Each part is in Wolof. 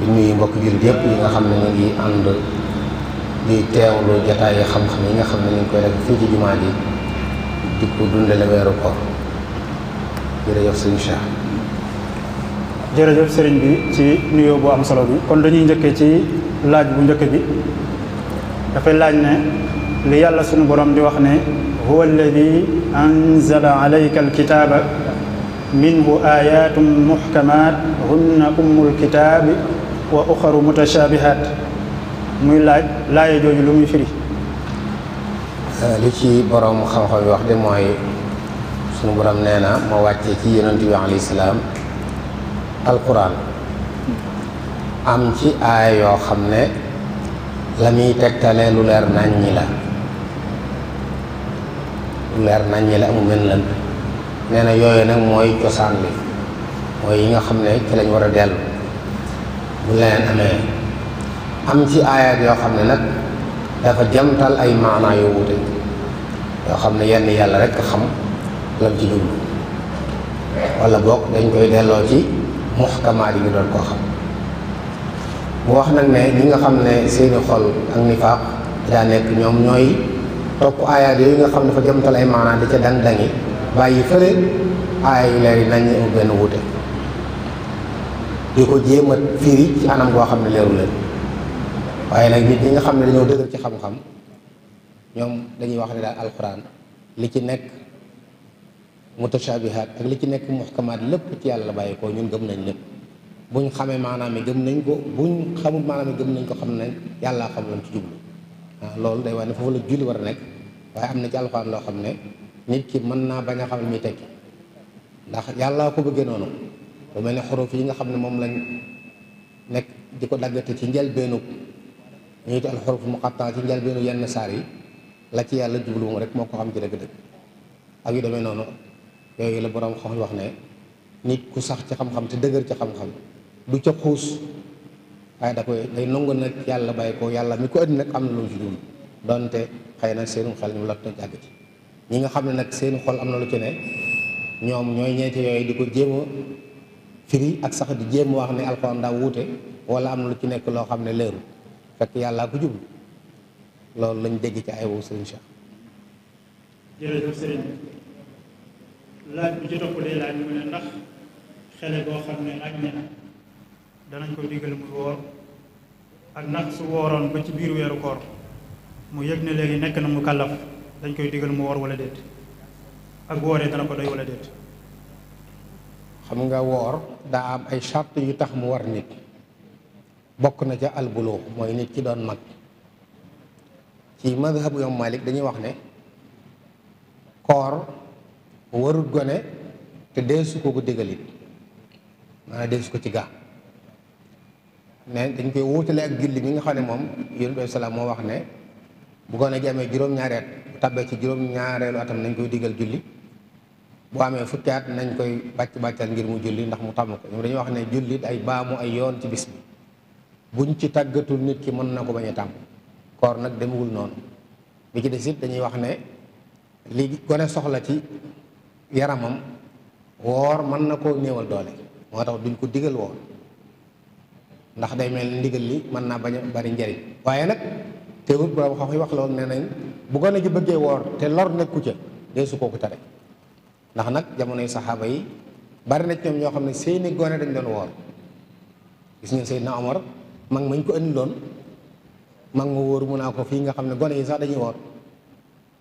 di nuyu mbokk jullit yëpp yi nga xam ne ñu ngi ànd di teewlu jotaayu xam-xam yi nga xam ne ñu ngi koy def fii ci jumaa ji di ko dundale weeru koor jërëjëf sëñ Cheikh. jërëjëf sëriñ bi ci nuyoo bu am solo bi kon dañuy njëkkee ci laaj bu njëkk bi dafay laaj ne li yàlla sunu borom di wax ne huwa alladi anzala alayka alkitaaba minhu ayatun muhkamat hunna ummul kitaabi wa uxaru mutashabihat muy laaj laaya jooju lu muy firi li ci borom xam-xam yi wax de mooy sunu borom nee na moo wàccee ci yonent bi alayhi salaam alquran am ci aaya yoo xam ne la muy tegtalee lu leer nañ ñi la lu leer nañ ñi la amu mel lan nee na yooyu nag mooy cosaan bi mooy yi nga xam ne ci lañ war a dellu bu leneen amee am ci aayaat yoo xam ne nag dafa jamtal ay maanaa yu wuute yoo xam ne yenn yàlla rekk xam lam ci jublu wala boog dañ koy delloo ci muxkamaat yi ñu doon koo xam bu wax nag ne ñi nga xam ne seeni xol ak nifaaq daa nekk ñoom ñooy topp aayaat yooyu nga xam ne dafa jamtal ay maanaa di ca dang dangi bàyyi fële aaya yu leer yi nañ benn wuute di ko jéem a firi ci anam goo xam ne leeru leen waaye nag nit ñi nga xam ne dañoo dëgër ci xam-xam ñoom dañuy wax ne daal alxuraan li ci nekk mutashaabihaat ak li ci nekk muhkamaat lépp ci yàlla la bàyyi ko ñun gëm nañ lépp buñ xamee maanaam mi gëm nañ ko buñ xamul maanaam mi gëm nañ ko xam ne yàllaa xam lan ci jublu waaw ah, loolu day wax ne foofu la julli war a nekk waaye am na ci alxuraan loo xam ne nit ki mën naa bañ a xam mi teg tekki ndax yàllaa ko bëggee noonu bu mel ne xuruf yi nga xam ne moom lañ nekk di ko daggate ci njëlbeenu ñuy te al xuruf muqatta ci njëlbeenu yenn saar yi la ci yàlla jubluwum rek moo ko xam ci dëgg-dëgg ak yu demee noonu yooyu la borom xam wax ne nit ku sax ci xam-xam te dëgër ci xam-xam du ca xuus waaye da koy day nangu nag yàlla bàyyi ko yàlla mi ko ëndi nag am na lu ci jublu donte xëy na seen xel ñu lot na jàgg ci ñi nga xam ne nag seen xol am na lu ci ne ñoom ñooy ñeente yooyu di ko jéem firi ak sax di jéem wax ne alxuraan daa wuute wala am na lu ci nekk loo xam ne leeru fekk yàllaa ko jublu loolu lañ dégg ci ay wow sëriñ Cheikh. jërëjëf sëriñ laaj bi ci topp day laaj mu ne ndax xele boo xam ne ak ña danañ ko digal muy woor ak nag su wooroon ba ci biir weeru koor mu yëg ne léegi nekk na mu kàllaf dañ koy digal mu woor wala déet ak wooree dana ko doy wala déet. xam nga woor daa am ay charte yu tax mu war nit bokk na ca albuloo mooy nit ci doon mag ci madhabu yom malik dañuy wax ne koor warut gone te deesu ko ko digalit maanaam deesu ko ci gaa ne dañ koy wóotale ak julli mi nga xam ne moom yonent bi salaam moo wax ne bu gone gi amee juróom ci juróom-ñaareelu atam nañ koy digal julli boo amee fukki nañ koy bàcc bàccal ngir mu julli ndax mu tàmm ko ñoom dañu wax ne jullit ay baamu ay yoon ci bis bi buñ ci tàggatul nit ki mën na ko bañ a tàmm koor nag demewul noonu bi ci des it dañuy wax ne li gone soxla ci yaramam woor mën na koo néewal doole moo duñ ko digal ndax day mel ndigal li mën naa bañ a bari njariñ waaye nag teewul borom xam yi wax loolu ne nañ bu gone gi bëggee woor te lor nekku ca dee su kooku tare ndax nag jamono jamonoy saxaaba yi bari na ci ñoom ñoo xam ne seeni gone dañ doon woor gis ngeen Seydina Omar mag mañ ko andi mag ma wóor mu naa ko fii nga xam ne gone yi sax dañuy woor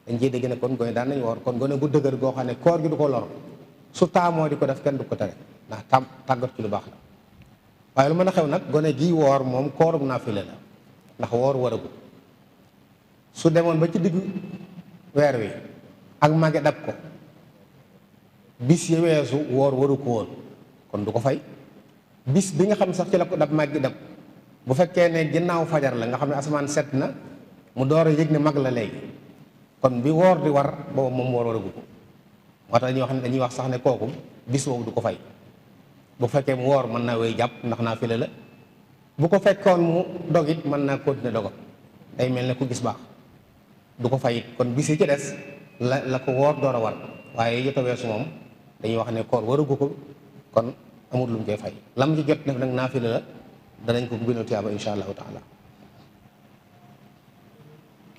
dañ ciy dégg ne kon daan nañ woor kon gone gu dëgër goo xam ne koor gi du ko lor su taamoo di ko def kenn du ko tere ndax tam tàggat ci lu baax la waaye lu mën a xew nag gone gi woor moom naa naafile la ndax woor waragu su demoon ba ci diggu weer wi ak mage dab ko bis ya weesu woor waru ko woon kon du ko fay bis bi nga xam sax ci la ko dab màgg dab bu fekkee ne ginnaaw fajar la nga xam ne asamaan set na mu door a yëg ne mag la léegi kon bi woor di war booba moom woor waragu ko moo tax dañuy wax ne dañuy wax sax ne kooku bis boobu du ko fay bu fekkee mu woor mën naa wéy jàpp ndax naa file la bu ko fekkoon mu dog it mën naa continuer dogo day mel ne ku gis baax du ko fay kon bis yi ci des la la ko woor door a war waaye yëpp a dañuy wax ne koor waragu ko kon amul lum mu koy fay lam ci jot def nag fi la danañ ko gënal tiyaaba insha allahu taala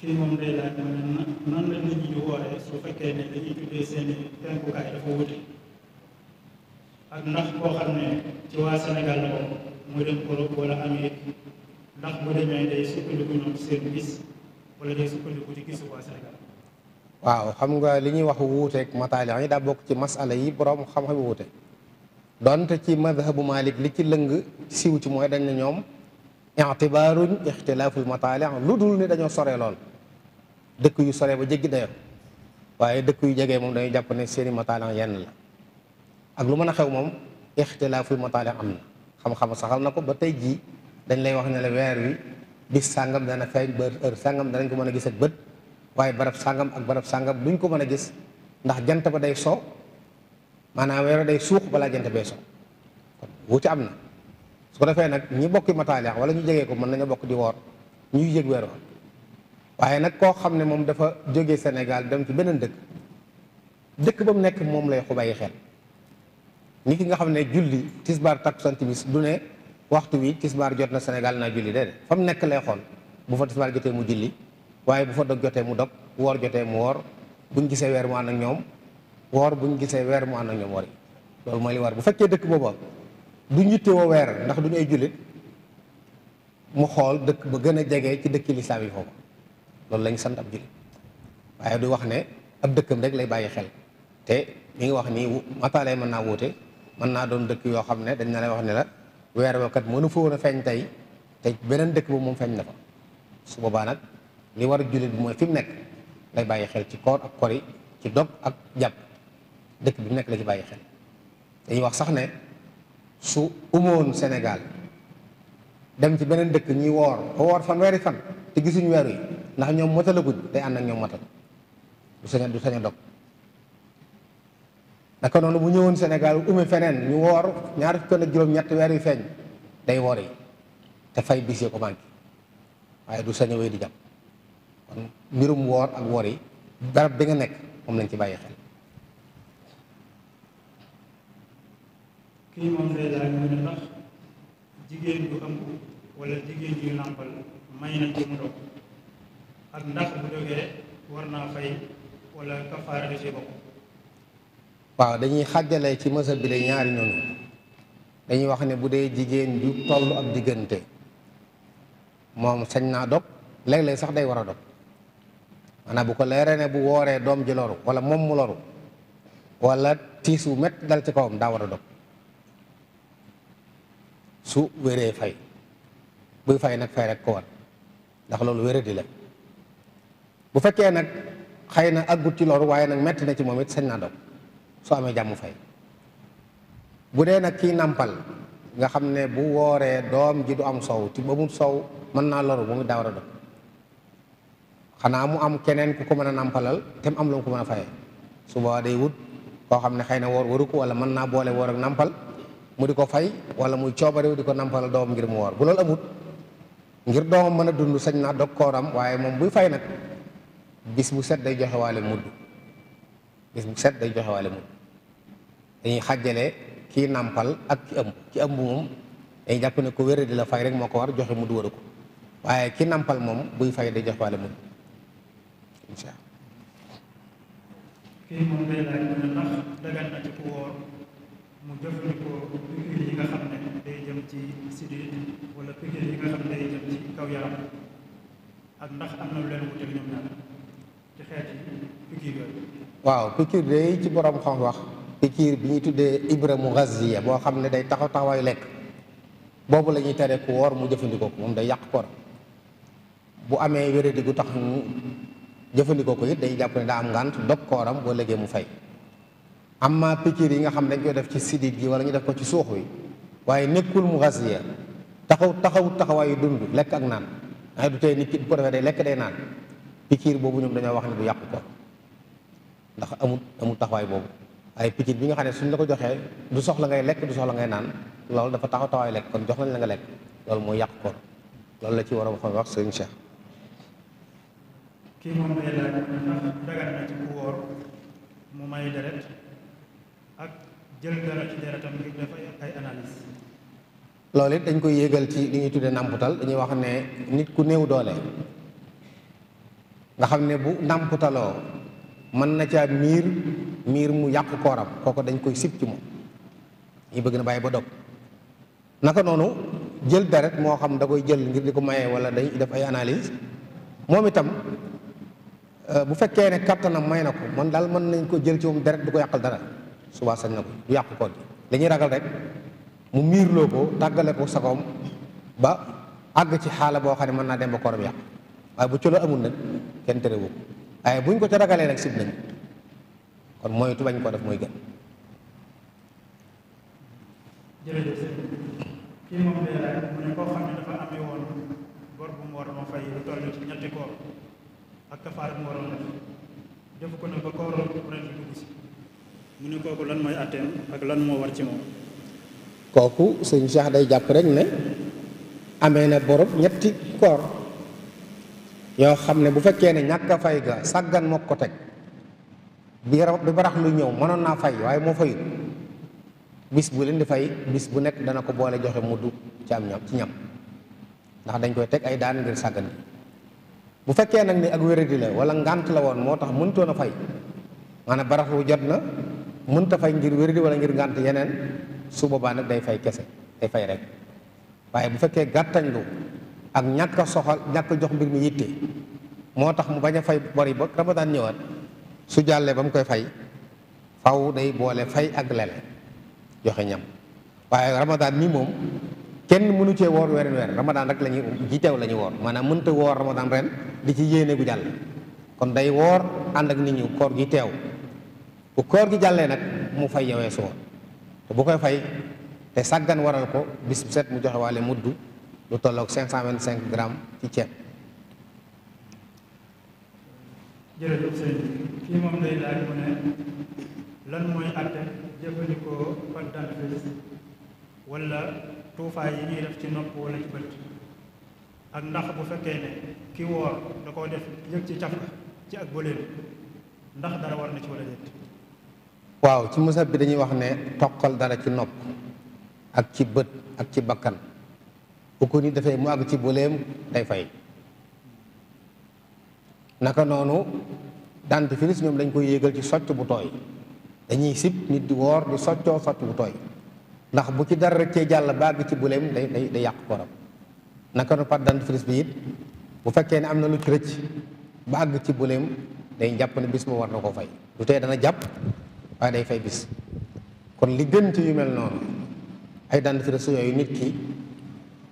kii moom day laaj nan la nit ñi di wooree su fekkee ne dañuy tuddee seen i penkukaay dafa wute ak ndax koo xam ne ci waa Sénégal la moom mu dem Europe wala Amérique ndax bu demee day sukkandiku ñoom seen gis wala day sukkandiku ci gisu waa Sénégal waaw xam nga li ñuy wax wuuteek mataalix yi ah, daa bokk ci masala yi borom xam-xam wuute donte ci madhabu malik li ci lëng siiw ci mooy dañ ne ñoom i'tibaaruñ ixtilaaful mataalix ah, lu dul ni dañoo sore lool dëkk yu sore ba jéggi dayo waaye dëkk yu jege moom dañuy jàpp ne seeni mataalix ah, yenn la ak lu mën a xew moom ixtilaaful mataalix am na xam-xam saxal na ko ba tey jii dañ lay wax ne la weer wi bis sàngam dana feeñ ba heure sàngam danañ ko mën a gis bët waaye barab sàngam ak barab sàngam duñ ko mën a gis ndax jant ba day soo maanaam weeru day suux balaa jant bee soo kon wuute am na su ko defee nag ñi bokki mataaliyaax wala ñu jegee ko mën nañu bokk di woor ñuy yëg weer woor waaye nag koo xam ne moom dafa jóge Sénégal dem ci beneen dëkk dëkk ba mu nekk moom lay xubayi xel ni ki nga xam ne julli tisbaar takkusaan timis du ne waxtu wi tisbaar jot na Sénégal naa julli déedéet fa mu nekk lay xool bu fa tisbaar jotee mu julli waaye bu fa dog jotee mu dog woor jotee mu woor buñ gisee weer mu ànd ak ñoom woor buñ gisee weer mu ànd ak ñoom loolu mooy li war bu fekkee dëkk booba duñ yittewoo weer ndax duñ ay jullit mu xool dëkk ba gën a jege ci dëkki lislaam yi foofu loolu lañ sant ab jullit waaye du wax ne ab dëkkam rek lay bàyyi xel te mi ngi wax nii mataalee mën naa wuute mën naa doon dëkk yoo xam ne dañ na lay wax ne la weer wa kat mënu fa woon feeñ tey te beneen dëkk ba moom feeñ na fa su nag li war a jullit bi mooy fi mu nekk lay bàyyi xel ci koor ak kori ci dog ak jàpp dëkk bi mu nekk la ci bàyyi xel dañuy wax sax ne su umoon Sénégal dem ci beneen dëkk ñuy woor ba woor fan weeri fan te gisuñu weeru yi ndax ñoom matalaguñ day ànd ak ñoom matal du sañ du sañ a dog naka noonu bu ñëwoon Sénégal ume feneen ñu woor ñaar fukk ak juróom-ñetti weer yu feeñ day woor yi te fay bis ko manqué waaye du sañ a wéy di jàpp kon woor ak woor yi barab bi nga nekk moom lañ ci bàyyi xel. kii moom day laaj mu ne ndax jigéen bu jigéen ñuy nàmpal may na ci mu dog ak ndax bu dogee war naa fay wala kafaara da ci bokk. waaw dañuy xàjjale ci mësa bi la ñaari ñooñu dañuy wax ne bu dee jigéen ju toll ab diggante moom sañ naa dog léeg-léeg sax day war a dog maanaam bu ko leeree ne bu wooree doom ji loru wala moom mu loru wala tiis wu métti dal ci kawam daa war a dog su wéree fay buy fay nag fay rek ko war ndax loolu wére di la bu fekkee nag xëy na ak aggut ci loru waaye nag metti na ci moom it sañ naa dog su amee jàmm fay bu dee nag kii nàmpal nga xam ne bu wooree doom ji du am soow ci ba mu soow mën naa loru mu ngi daa war a dog xanaa mu am keneen ku ko mën a nàmpalal te mu am lu mu ko mën a fayee su boobaa day wut koo xam ne xëy na woor waru ko wala mën naa boole woor ak nàmpal mu di ko fay wala muy coobarew di ko nàmpalal doomam ngir mu woor bu loolu amut ngir doomam mën a dund sañ naa dog kooram waaye moom buy fay nag bis bu set day joxe waale mudd day joxe waale dañuy xàjjale kii nàmpal ak ki ëmb ki ëmb moom dañuy jàpp ne ko wér di la fay rek moo ko war joxe mudd waru ko waaye ki nàmpal moom buy fay day joxe waale incha allah. kii moom day laaj mu ne ndax dagan na ci ku mu jëfandikoo piqûre yi nga xam ne day jëm ci sidit wala piqûre yi nga xam ne day jëm ci kaw yaram ak ndax am na lu leen wutal ñoom ñaar ci xeeti piqûre yooyu. waaw piqûre day ci borom xam wax. piqûre bi ñuy tuddee ibra mu gaziya boo xam ne day taxaw taxawaay lekk boobu lañuy ñuy tere ku mu jëfandikoo moom day yàq koor bu amee wéradi gu tax jëfandikoo ko it day jàpp ne daa am ngànt dog kooram boo léegi mu fay amma pikiir yi nga xam dañ koy def ci sidit gi wala ñu def ko ci suux wi waaye nekkul mu xasiya taxaw taxaw taxawaayu dund lekk ak naan ay du tey nit ki bu ko defee day lekk day naan pikiir boobu ñoom dañoo wax ne du yàqu ko ndax amul amul taxawaay boobu waaye pikiir bi nga xam ne suñ la ko joxee du soxla ngay lekk du soxla ngay naan loolu dafa taxaw taxawaay lekk kon jox la nga lekk loolu mooy yàqu ko loolu la ci waroon xam wax sëriñ kii moom day laaj dagan na ci ku mu may deret ak jël dara ci deretam ngir def ay analyse dañ koy ci li ñuy namputal dañ wax ne nit ku néew doole nga bu namputalo man na ca mir mir, mu yak koram koko dañ koy sip ci moom yi bëgg na baye ba dog naka nonu jël deret mo xam da koy jël ngir liko maye wala day def ay analyse Euh, bu fekkee ne kàttanam may na ko man daal mën nañ koo jël ci moom deret du ko yàqal dara subaa sañ na ko du yàqu koor ragal rek mu miirloo ko tàggale ko sagoom ba àgg ci xaala boo xam ne mën naa dem ba kooram yàqu waaye bu ci la amul nag kenn terewu ko waaye buñ ko ca ragalee rek sib nañ kon moytu bañ ko def mooy gën ak mu ko nag ba kooru ren ne kooku lan mooy atteem ak lan moo war ci moom kooku sëñ Cheikh day jàpp rek ne amee na borom ñetti koor yoo xam ne bu fekkee ne ñàkk a fay ga sàggan moo ko teg bi bi barax lu ñëw mënoon naa fay waaye moo fayut bis bu leen di fay bis bu nekk dana ko boole joxe mu du ci am ñam ci ñam ndax dañ koy teg ay daan ngir sàggan bu fekkee nag ni ak wéradi la wala ngànt la woon moo tax mënutoon a fay maanaam barafu jot na mënta fay ngir wéradi wala ngir ngànt yeneen su boobaa nag day fay kese day fay rek waaye bu fekkee gàttañlu ak ñàkk a soxal ñàkk jox mbir mi yitte moo tax mu bañ a fay bori ba ramadaan ñëwaat su jàllee ba mu koy fay faw day boole fay ak lele joxe ñam waaye ramadaan mi moom kenn mënu cee woor weerin weer ramadaan rek la ñuy teew la ñuy woor maanaam mënta woor ramadaan ren di ci yéene gu jàll kon day woor ànd ak nit ñi koor gi teew bu koor gi jàllee nag mu fay yowee su te bu koy fay te sàggan waral ko bis bu set mu joxe waale mudd lu tolloog cinq cent vingt cinq grammes ci ceeb kii moom day laaj mu ne lan mooy àtte jëfandikoo pâte dentifrice wala tuufaay yi ñuy def ci nopp wala ci bët ak ndax bu fekkee ne ki woor da koo def yëg ci caf ci ak bëleen ndax dara war na ci wala déet waaw ci musab bi dañuy wax ne toqal dara ci nopp ak ci bët ak ci bakkan bu ko ni defee mu àgg ci bëleem day fay naka noonu dentifrice ñoom dañ koy yéegal ci socc bu tooy dañuy sib nit di woor di soccoo socc bu tooy ndax bu ci dara rëccee jàll bàgg ci buleem day day day yàq kooram naka nu pat dentifrice bi it bu fekkee ne am na lu ci rëcc ba àgg ci buleem day jàpp ne bis mu war na koo fay lu tee dana jàpp waaye day fay bis kon li gën ci yu mel noonu ay dentifrice yooyu nit ki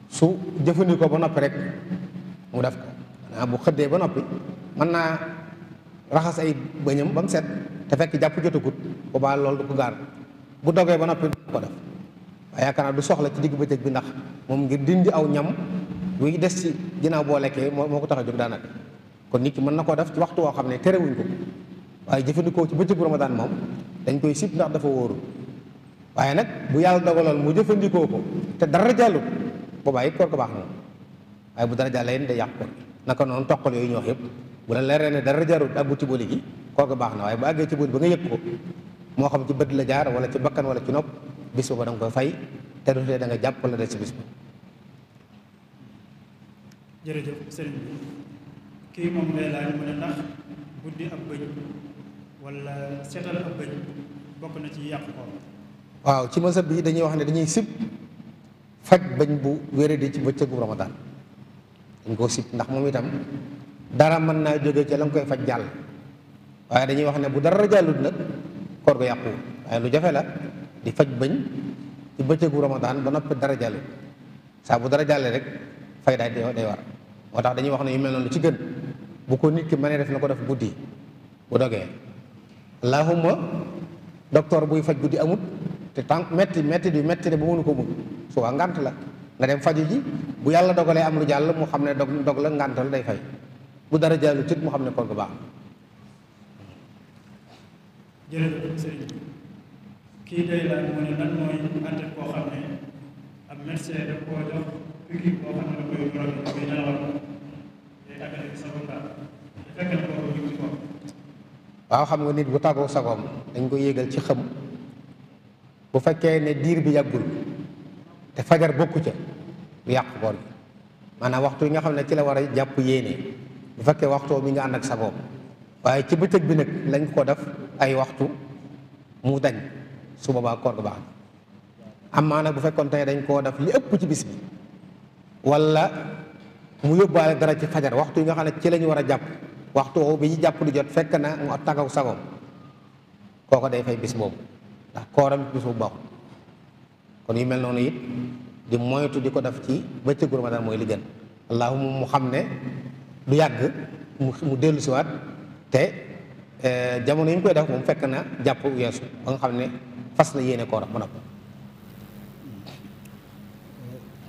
su jëfandikoo ba noppi rek mu def ko maanaam bu xëddee ba noppi mën naa raxas ay bëñam ba set te fekk jàpp jotagut bu baax loolu du ko gaar bu dogee ba noppi du ko def yaakaar naa du soxla ci digg bëccëg bi ndax moom ngir dindi aw ñam buy des ci ginnaaw boo lekkee moo ko tax a jóg daanaka kon nit ki mën na koo def ci waxtu woo xam ne terewuñ ko waaye jëfandikoo ci bëccëgu Ramadan moom dañ koy sib ndax dafa wóoru waaye nag bu yàlla dogaloon mu jëfandikoo ko te dara jàllu boobaa it ko baax moom waaye bu dara jàllee yéen day yàq ko naka noonu toqal yooyu ñoox yëpp bu la leeree ne dara jarut àggu ci bëli gi koor baax na waaye bu àggee ci bëli ba nga yëg ko moo xam ci bët la jaar wala ci bakkan wala ci nopp bis ba da koy fay te du tee da nga jàpp la des ci bis ab bëñ bokk na ci yàq ko waaw ci masab bi dañuy wax ne dañuy sib faj bañ bu wéradi ci bëccëgu ramadan dañ koo sib ndax moom itam dara mën naa jóge ca la nga koy faj jàll waaye dañuy wax ne bu dara jàllut nag koor ga yàqu waaye lu jafe la di faj bëñ ci bëccëgu ramadaan ba noppi dara jàlle saa bu dara jàlle rek fay daay day war moo tax dañuy wax ne yu mel noonu ci gën bu ko nit ki mënee def na ko def guddi bu dogee allahumma docteur buy faj guddi amut te tànk metti metti di metti de ba mënu ko mun suba ngant la nga dem faju ji bu yàlla dogalee am lu jàll mu xam ne dog dog la ngant la day fay bu dara jàll tit mu xam ne koor gu baax jërëjëf kii xam waaw xam nga nit bu tàggoo sagoom dañ ko yéegal ci xam bu fekkee ne diir bi yàggul te fajar bokku ca bu yàq koor maanaam waxtu yi nga xam ne ci la war a jàpp yéene bu fekkee waxtoo mi nga ànd ak sagoom waaye ci bëccëg bi nag lañ ko def ay waxtu mu dañ su boobaa koor Amma baax bu fekkon tay dañ ko def li ëpp ci bis bi wala mu yóbbaale dara ci fajar waxtu nga xam ci lañu wara japp waxtu woowu bi ñu jàpp di jot fekk na mu tàggaw sagoom koko day fay bis boobu ndax kooram bis bu kon yi mel noonu it di moytu diko ko def ci bëccëgu ramadan moy li gën allahumma mu xamne du yagg mu ci wat te eh, jamono yi koy def moom fekk na japp yesu nga xamne fas na yéene kooram mu nopp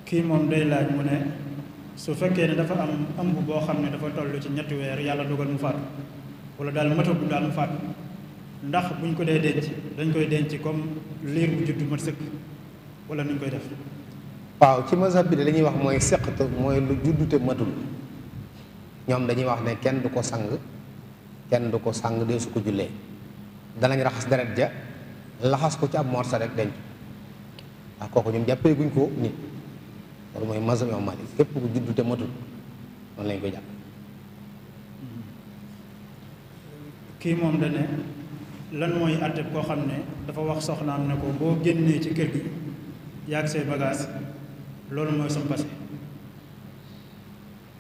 kii moom day laaj mu ne su fekkee ne dafa am ëmb boo xam ne dafa toll ci ñetti weer yàlla dogal mu faatu wala daal matagul daal mu faatu ndax buñ ko dee denc dañ koy denc comme liir bu juddu mat sëkk wala nuñ koy def waaw ci mazhab bi de dañuy wax mooy sëqat mooy lu juddute matul ñoom dañuy wax ne kenn du ko sang kenn du ko sang dee su ko jullee danañ raxas deret ja laxas ko ci ab morsa rek denc ndax kooku ñun jàppee guñ ko nit loolu mooy mazhab Imam képp ku juddu te matul noonu lañ ko jàpp kii moom la ne lan mooy àtte koo xam ne dafa wax soxnaam ne ko boo génnee ci kër gi yàgg say bagage loolu mooy sa passé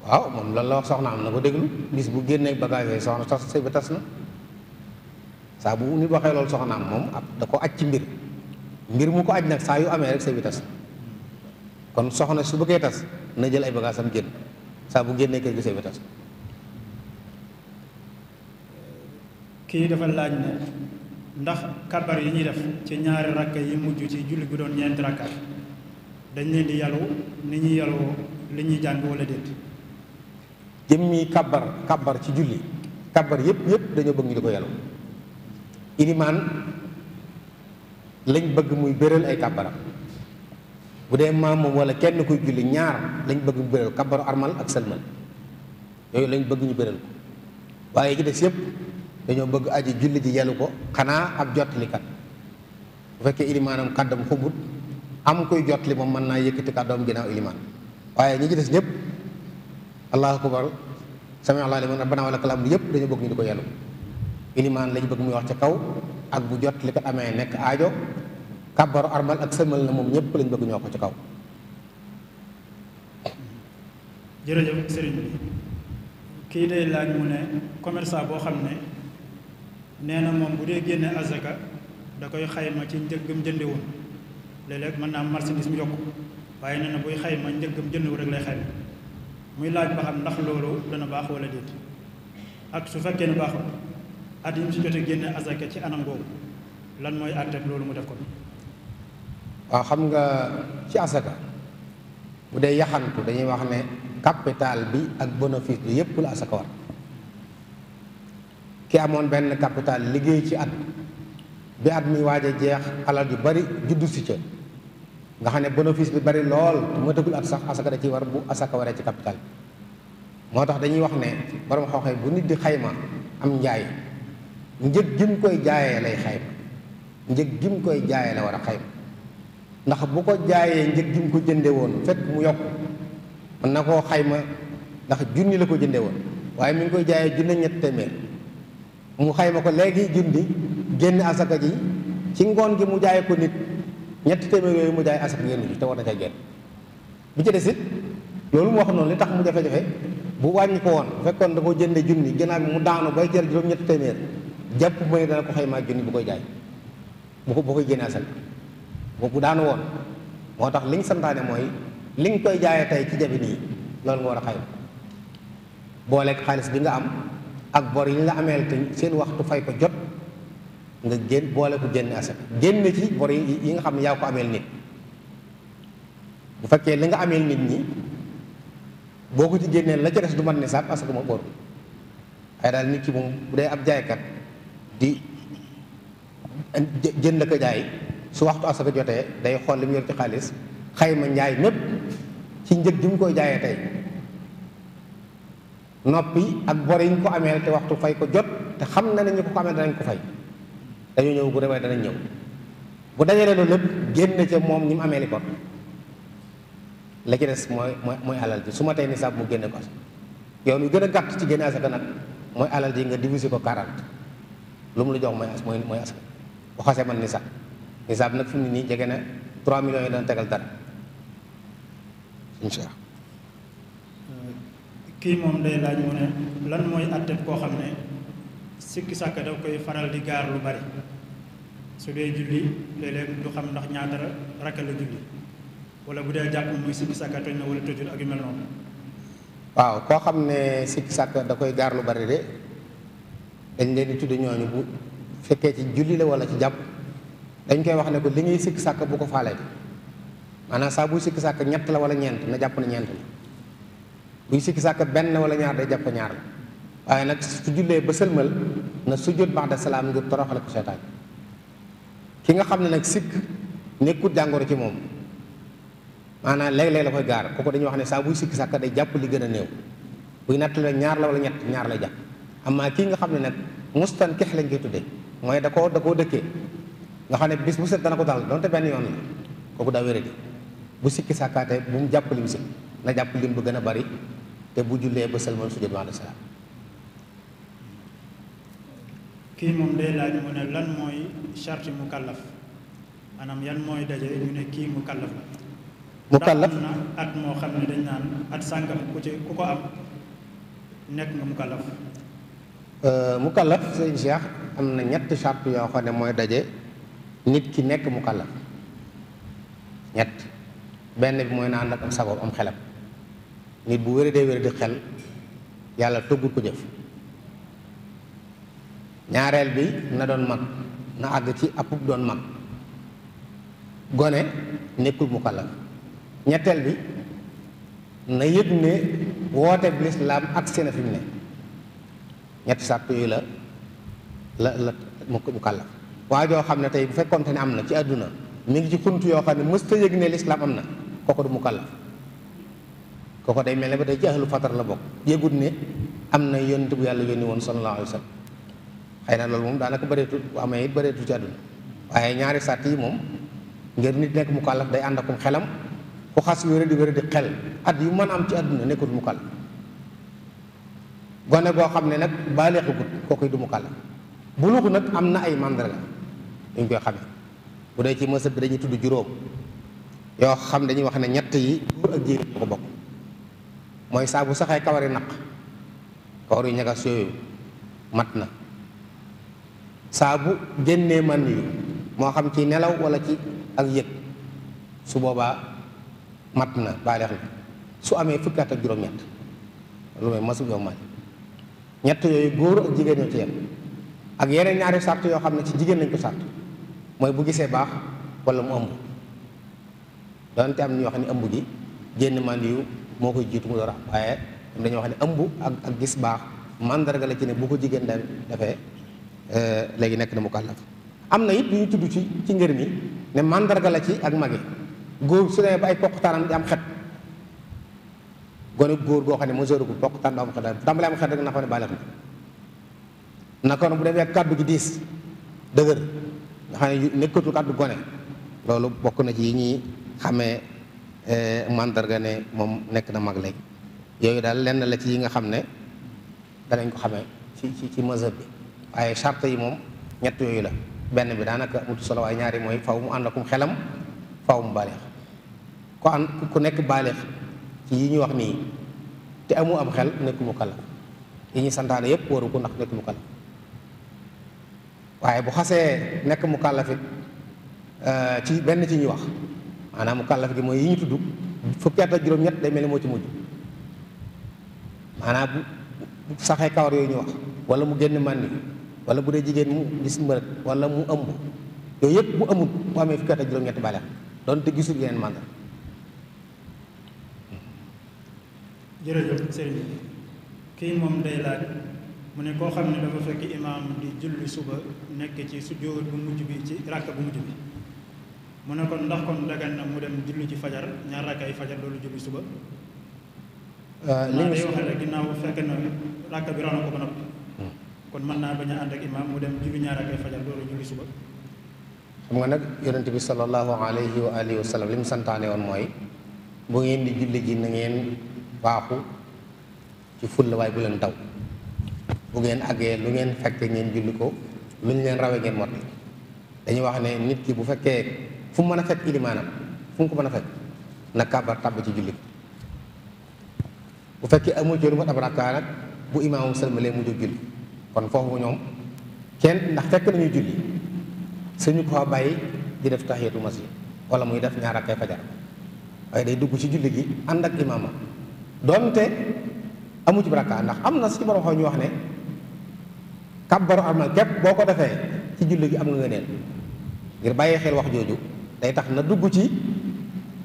waaw moom lan la wax soxnaam na ko déglu bis bu génnee bagage yooyu soxna tas say ba tas na sa bu ni waxe lol soxna mom da ko acc mbir mbir mu ko acc nak sa yu amé rek sey tas kon soxna su bëgge tas na jël ay bagaasam gën sa bu gënne kër gi sëy kii dafa laaj ne ndax kabar yi ñi def ci ñaari rakka yi mujju ci julli bi doon ñent rakka dañ leen di yalu ni ñi yalu li ñi jàng wala déet jëmmi kabar kabar ci julli kabar yépp yépp dañoo bëgg di ko yalu ilimaan lañ bëgg muy béral ay kàbbaram bu dee maam moom wala kenn kuy julli ñaar lañ bëgg mu béral kàbbaru armal ak sëlmal yooyu lañ bëgg ñu béral ko waaye ci des yëpp dañoo bëgg aji julli ji yelu ko xanaa ab jottalikat bu fekkee ilimaanam kàddam xubut am kuy jottali moom mën naa yëkkati kàddoom ginnaaw ilimaan waaye ñi ci des ñëpp allahu akbar sami allah liman rabbana wala kalam yëpp dañoo bëgg ñu di ko yelu ilimaan lañ bëgg muy wax ci kaw ak bu jot li ko amee nekk aajo kàbbaru armal ak sëmal na moom ñëpp lañu bëgg ñoo ko ci kaw jërëjëf sëriñ bi kii day laaj mu ne commerçant boo xam ne nee na moom bu dee génne azaka da koy xayma ci njëggam jënde woon léeg-léeg mën naa am marchandise mu yokk waaye nee na buy xayma njëggam jënd wu rek lay xayma muy laaj ba xam ndax loolu dana baax wala déet ak su fekkee ne baaxul at yi mu si jotee génne azaka ci anam googu lan mooy àtteeg loolu mu def ko. waaw ah, xam nga ci asaka bu dee yaxantu dañuy wax ne capital bi ak bénéfice bi yépp la amoon benn capital liggéey ci at bi at mi jeex alal yu bari juddu si ca nga xam ne bénéfice bi bari lool matagul at sax asaka da ciy war bu asaka waree ci capital bi moo tax dañuy wax ne borom xooxee bu nit di xayma am njaay njëg gi mu koy jaayee lay xayma njëg gi mu koy jaayee la war a xayma ndax bu ko jaayee njëg gi mu ko jënde woon fekk mu yokk mën na koo xayma ndax junni la ko jënde woon waaye mi ngi koy jaayee junne ñett téeméer mu xayma ko léegi junni génn asaka ji ci ngoon gi mu jaay ko nit ñetti téeméer yooyu mu jaay asaka yenn ji te war na cay génn bi ci des it loolu mu wax noonu li tax mu jafe-jafe bu wàññi ko woon fekkoon da ko jënde junni gannaaw mu daanu bay jël juróom-ñetti téeméer jàpp mu ne dana ko xaymaa junni bu koy jaay bu ko bu koy génne asal bu daanu woon moo tax liñ santaane mooy li nga koy jaayee tey ci jabi nii loolu nga war a xayma booleeg xaalis bi nga am ak bor yi nga la ameel te seen waxtu fay ko jot nga génn boole ko génne asal génn ci bor yi nga xam ne yaa ko ameel nit bu fekkee li nga ameel nit ñi boo ko ci génnee la ca des du man ne saab parce que ma bor ay daal nit ki moom bu dee ab jaaykat di la ko jaay su waxtu asaka jotee day xool li yor ci xaalis xayma njaay mépp ci njëg gi mu koy jaayee tey noppi ak bor yi ñu ko ameel te waxtu fay ko jot te xam na ne ñu ko ameel danañ ko fay dañu ñëw bu demee danañ ñëw bu dajalee loolu lépp génn ca moom ñi mu amee li bor la ci des mooy mooy mooy alal ji su ma tey nisaab mu génne ko yoon yu gën a gàtt ci génne asaka nag mooy alal ji nga diviser ko 40 lu mu la jox mooy as mooy mooy askan bu xasee man nisaab nisaab nag fi mu ne nii jege na 3 millions yi dana tegal dara euh, kii moom day laaj mu ne lan mooy àtteb koo xam ne sikki sàkk daf koy faral di gaar lu bari su dee julli léeg-léeg du xam ndax ñaata rakka la julli wala bu dee jàpp muy sikki sàkk toj na wala tojul ak yu mel noonu waaw koo xam ne sikki sàkk da koy gaar lu bari de dañ leen di tudde ñooñu bu fekkee ci julli la wala ci jàpp dañ koy wax ne ko li ngay sikk sàkk bu ko faale maanaam saa buy sikk sàkk ñett la wala ñeent na jàpp na ñeent la buy sikki sàkk benn wala ñaar jàpp ñaar la waaye nag su jullee ba sëlmal na sujjóot ba'da salaam ngir toroxale ko seetaan ki nga xam ne nag sikk nekkut jàngoro ci moom maanaam léeg-léeg la koy gaar kooku dañuy wax ne saa sikki sàkk day jàpp li gën a néew buy nattale ñaar la wala ñett ñaar lay jàpp amaa kii nga xam ne nag mustan kex lañ koy tuddee mooy da koo da koo dëkkee nga xam ne bis bu set dana ko dal donte benn yoon la kooku daa wéradi bu sikki sàkkaate bu mu jàpp lim si na jàpp lim bu gën a bari te bu jullee ba sëlmal sujjóot ba'da salaam kii moom day laaj mu ne lan mooy charte mu kàllaf maanaam yan mooy daje ñu ne kii mu kàllaf la mu kàllaf na at moo xam ne dañ naan at sàngam ku ci ku ko am nekk nga mu kàllaf Euh, mu kallaf sëñ am na ñetti charte yoo xam ne mooy daje nit ki nekk mu ñett benn bi mooy naan nag am sagoom am xelam nit bu wér dee wér di xel yàlla tëggul ko jëf ñaareel bi na doon mag na àgg ci apub doon mag gone nekkul mu ñetteel bi na yëg ne woote bi lislaam ak seen ñetti sàrt yooyu la la la mu mu kàllaf waa joo xam ne tey bu fekkoonte ne am na ci àdduna mi ngi ci xunt yoo xam ne mësta yëg ne lislaam am na kooku du mu kàllaf kooku day mel ne ba tey ci ahlu fatar la bokk yëgut ne am na yonent bu yàlla yónni woon sallallahu la wa xëy na loolu moom daanaka bëreetul bu amee it bëreetul ci àdduna waaye ñaari sàrt yi moom ngir nit nekk mu kàllaf day ànd akum xelam ku xas wéra di wéra di xel at yu mën am ci àdduna nekkul mu gone goo xam ne nag baaleexagut kooku du mu kàlla buluux nag am na ay mandarga yuñ koy xamee bu dee ci mësëb bi dañuy tudd juróom yoo xam dañuy wax ne ñett yi góor ak jigéen ko bokk mooy naq kawar mat na saa bu génnee moo xam ci nelaw walla ci ak yëg su boobaa mat na baaleex na su amee fukki at ak juróom-ñett loolu mooy mësëb yoo ñett yoy goor ak jigen ñoo ci yam ak yeneen ñaari sàrt yo xamne ci jigen lañ ko sàrt moy bu gisee bax wala mu ëmb donte am ñu wax ni ne ëmb gi génn màndiyu moo koy jitu mu dara waye am dañu wax ni ëmb ak ak gis baax màndarga la ci ne bu ko jigen dal da euh legi nek na mu kàllaf am na ñu tuddu ci ci ngeer mi ne màndarga la ci ak magi goor su ne ba ay taram di am xet gone góor goo xam ne majeur gu bokk tànn am xel tàmbale am xel rek na xam ne baaleex na bu demee kàddu gi diis dëgër nga xam ne nekkatul gone loolu bokk na ci yi ñuy xamee eh, mandarga ne moom nekk na mag léegi yooyu daal lenn la ci yi nga xam ne danañ ko xamee ci ci ci mazhab bi waaye charte yi moom ñett yooyu la benn bi daanaka mutu solo waaye ñaari mooy faw mu ànd ak akum xelam faw mu baaleex ku ànd ku nekk baaleex ci yi ñu wax nii te amu am xel nekk mu yi ñuy santaane yépp waru ko ndax nekk mu kala waaye bu xasee nekk mu kàllafit euh, ci benn ci ñu wax maanaam mu kàllaf gi mooy yi ñu tudd fukki at juróom-ñett day mel ni moo ci mujj maanaam bu saxee kawar yooyu ñu wax wala mu génn màndi wala bu dee jigéen mu gis mbërëg wala mu ëmb yooyu yëpp bu amul mu amee fukki at ak juróom-ñett bale doon te gisul yeneen màndar jërëjëf sëriñ bi kii moom day laaj mu ne koo xam ne dafa fekk imaam di julli suba nekk ci sujjóot bu mujj bi ci ràkk bu mujj bi mu ne kon ndax kon dagan na mu dem julli ci fajar ñaar ràkkaay fajar loolu julli suba ah, li nga wax rek ginnaaw fekk na ràkk bi raw na ko ba noppi hmm. kon mën naa bañ a ànd ak imaam mu dem julli ñaar ràkkaay fajar loolu julli suba xam nga nag yonent bi sallallahu alayhi wa alihi wa sallam li mu santaane woon mooy bu ngeen di julli ji na ngeen baaxu ci fulla waaye bu leen daw bu ngeen àggee lu ngeen fekkee ngeen julli ko lu ñu leen rawee ngeen mottali dañuy wax ne nit ki bu fekkee fu mu mën a fekk ilimaanam fu mu ko mën a fekk na kàbbar tàbb ci julli bu fekkee amul ci lu mat ab rakkaa nag bu imaamam sëlmalee mu jóg julli kon foofu ñoom kenn ndax fekk nañu julli suñu ko bàyyi di def tahiyatul masjid wala muy def ñaar rakkay fajar waaye day dugg ci julli gi ànd ak imaamam donte amu ci rakka ndax am na ci borom xaw ñu wax ne kàbbaru armal képp boo ko defee ci julli gi am nga ngeneel ngir xel wax jooju day na dugg ci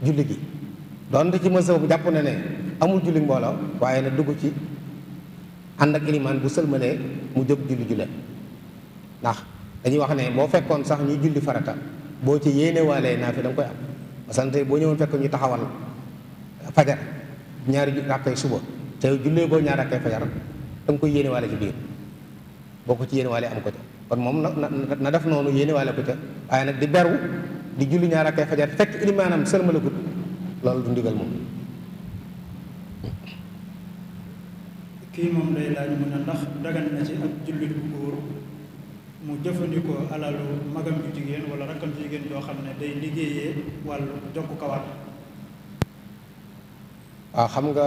julli gi donte ci mën bu jàpp na ne amul julli mbooloo waaye na dugg ci ànd ak ilimaan bu sëlmalee mu jóg julli julle ndax dañuy wax ne boo fekkoon sax ñuy julli farata boo ci yéenewaalee naa fi da koy am parce boo ñëwoon fekk ñu taxawal fajar ñaari ràkkay suba te jullee boo ñaar ràkkay fajar da nga koy yéenewaale ci biir boo ko ci yéenewaale am ko ca kon moom na na def noonu yéenewaale ko ca waaye nag di beru di julli ñaar ràkkay fajar fekk ilimaanam sërmalakut loolu du ndigal moom kii moom day laaj mu ne ndax dagan na ci ak jullit bu góor mu jëfandikoo alalu magam ju jigéen wala rakkam ju jigéen joo xam ne day liggéeyee wàllu jokk kawar waaw ah, xam nga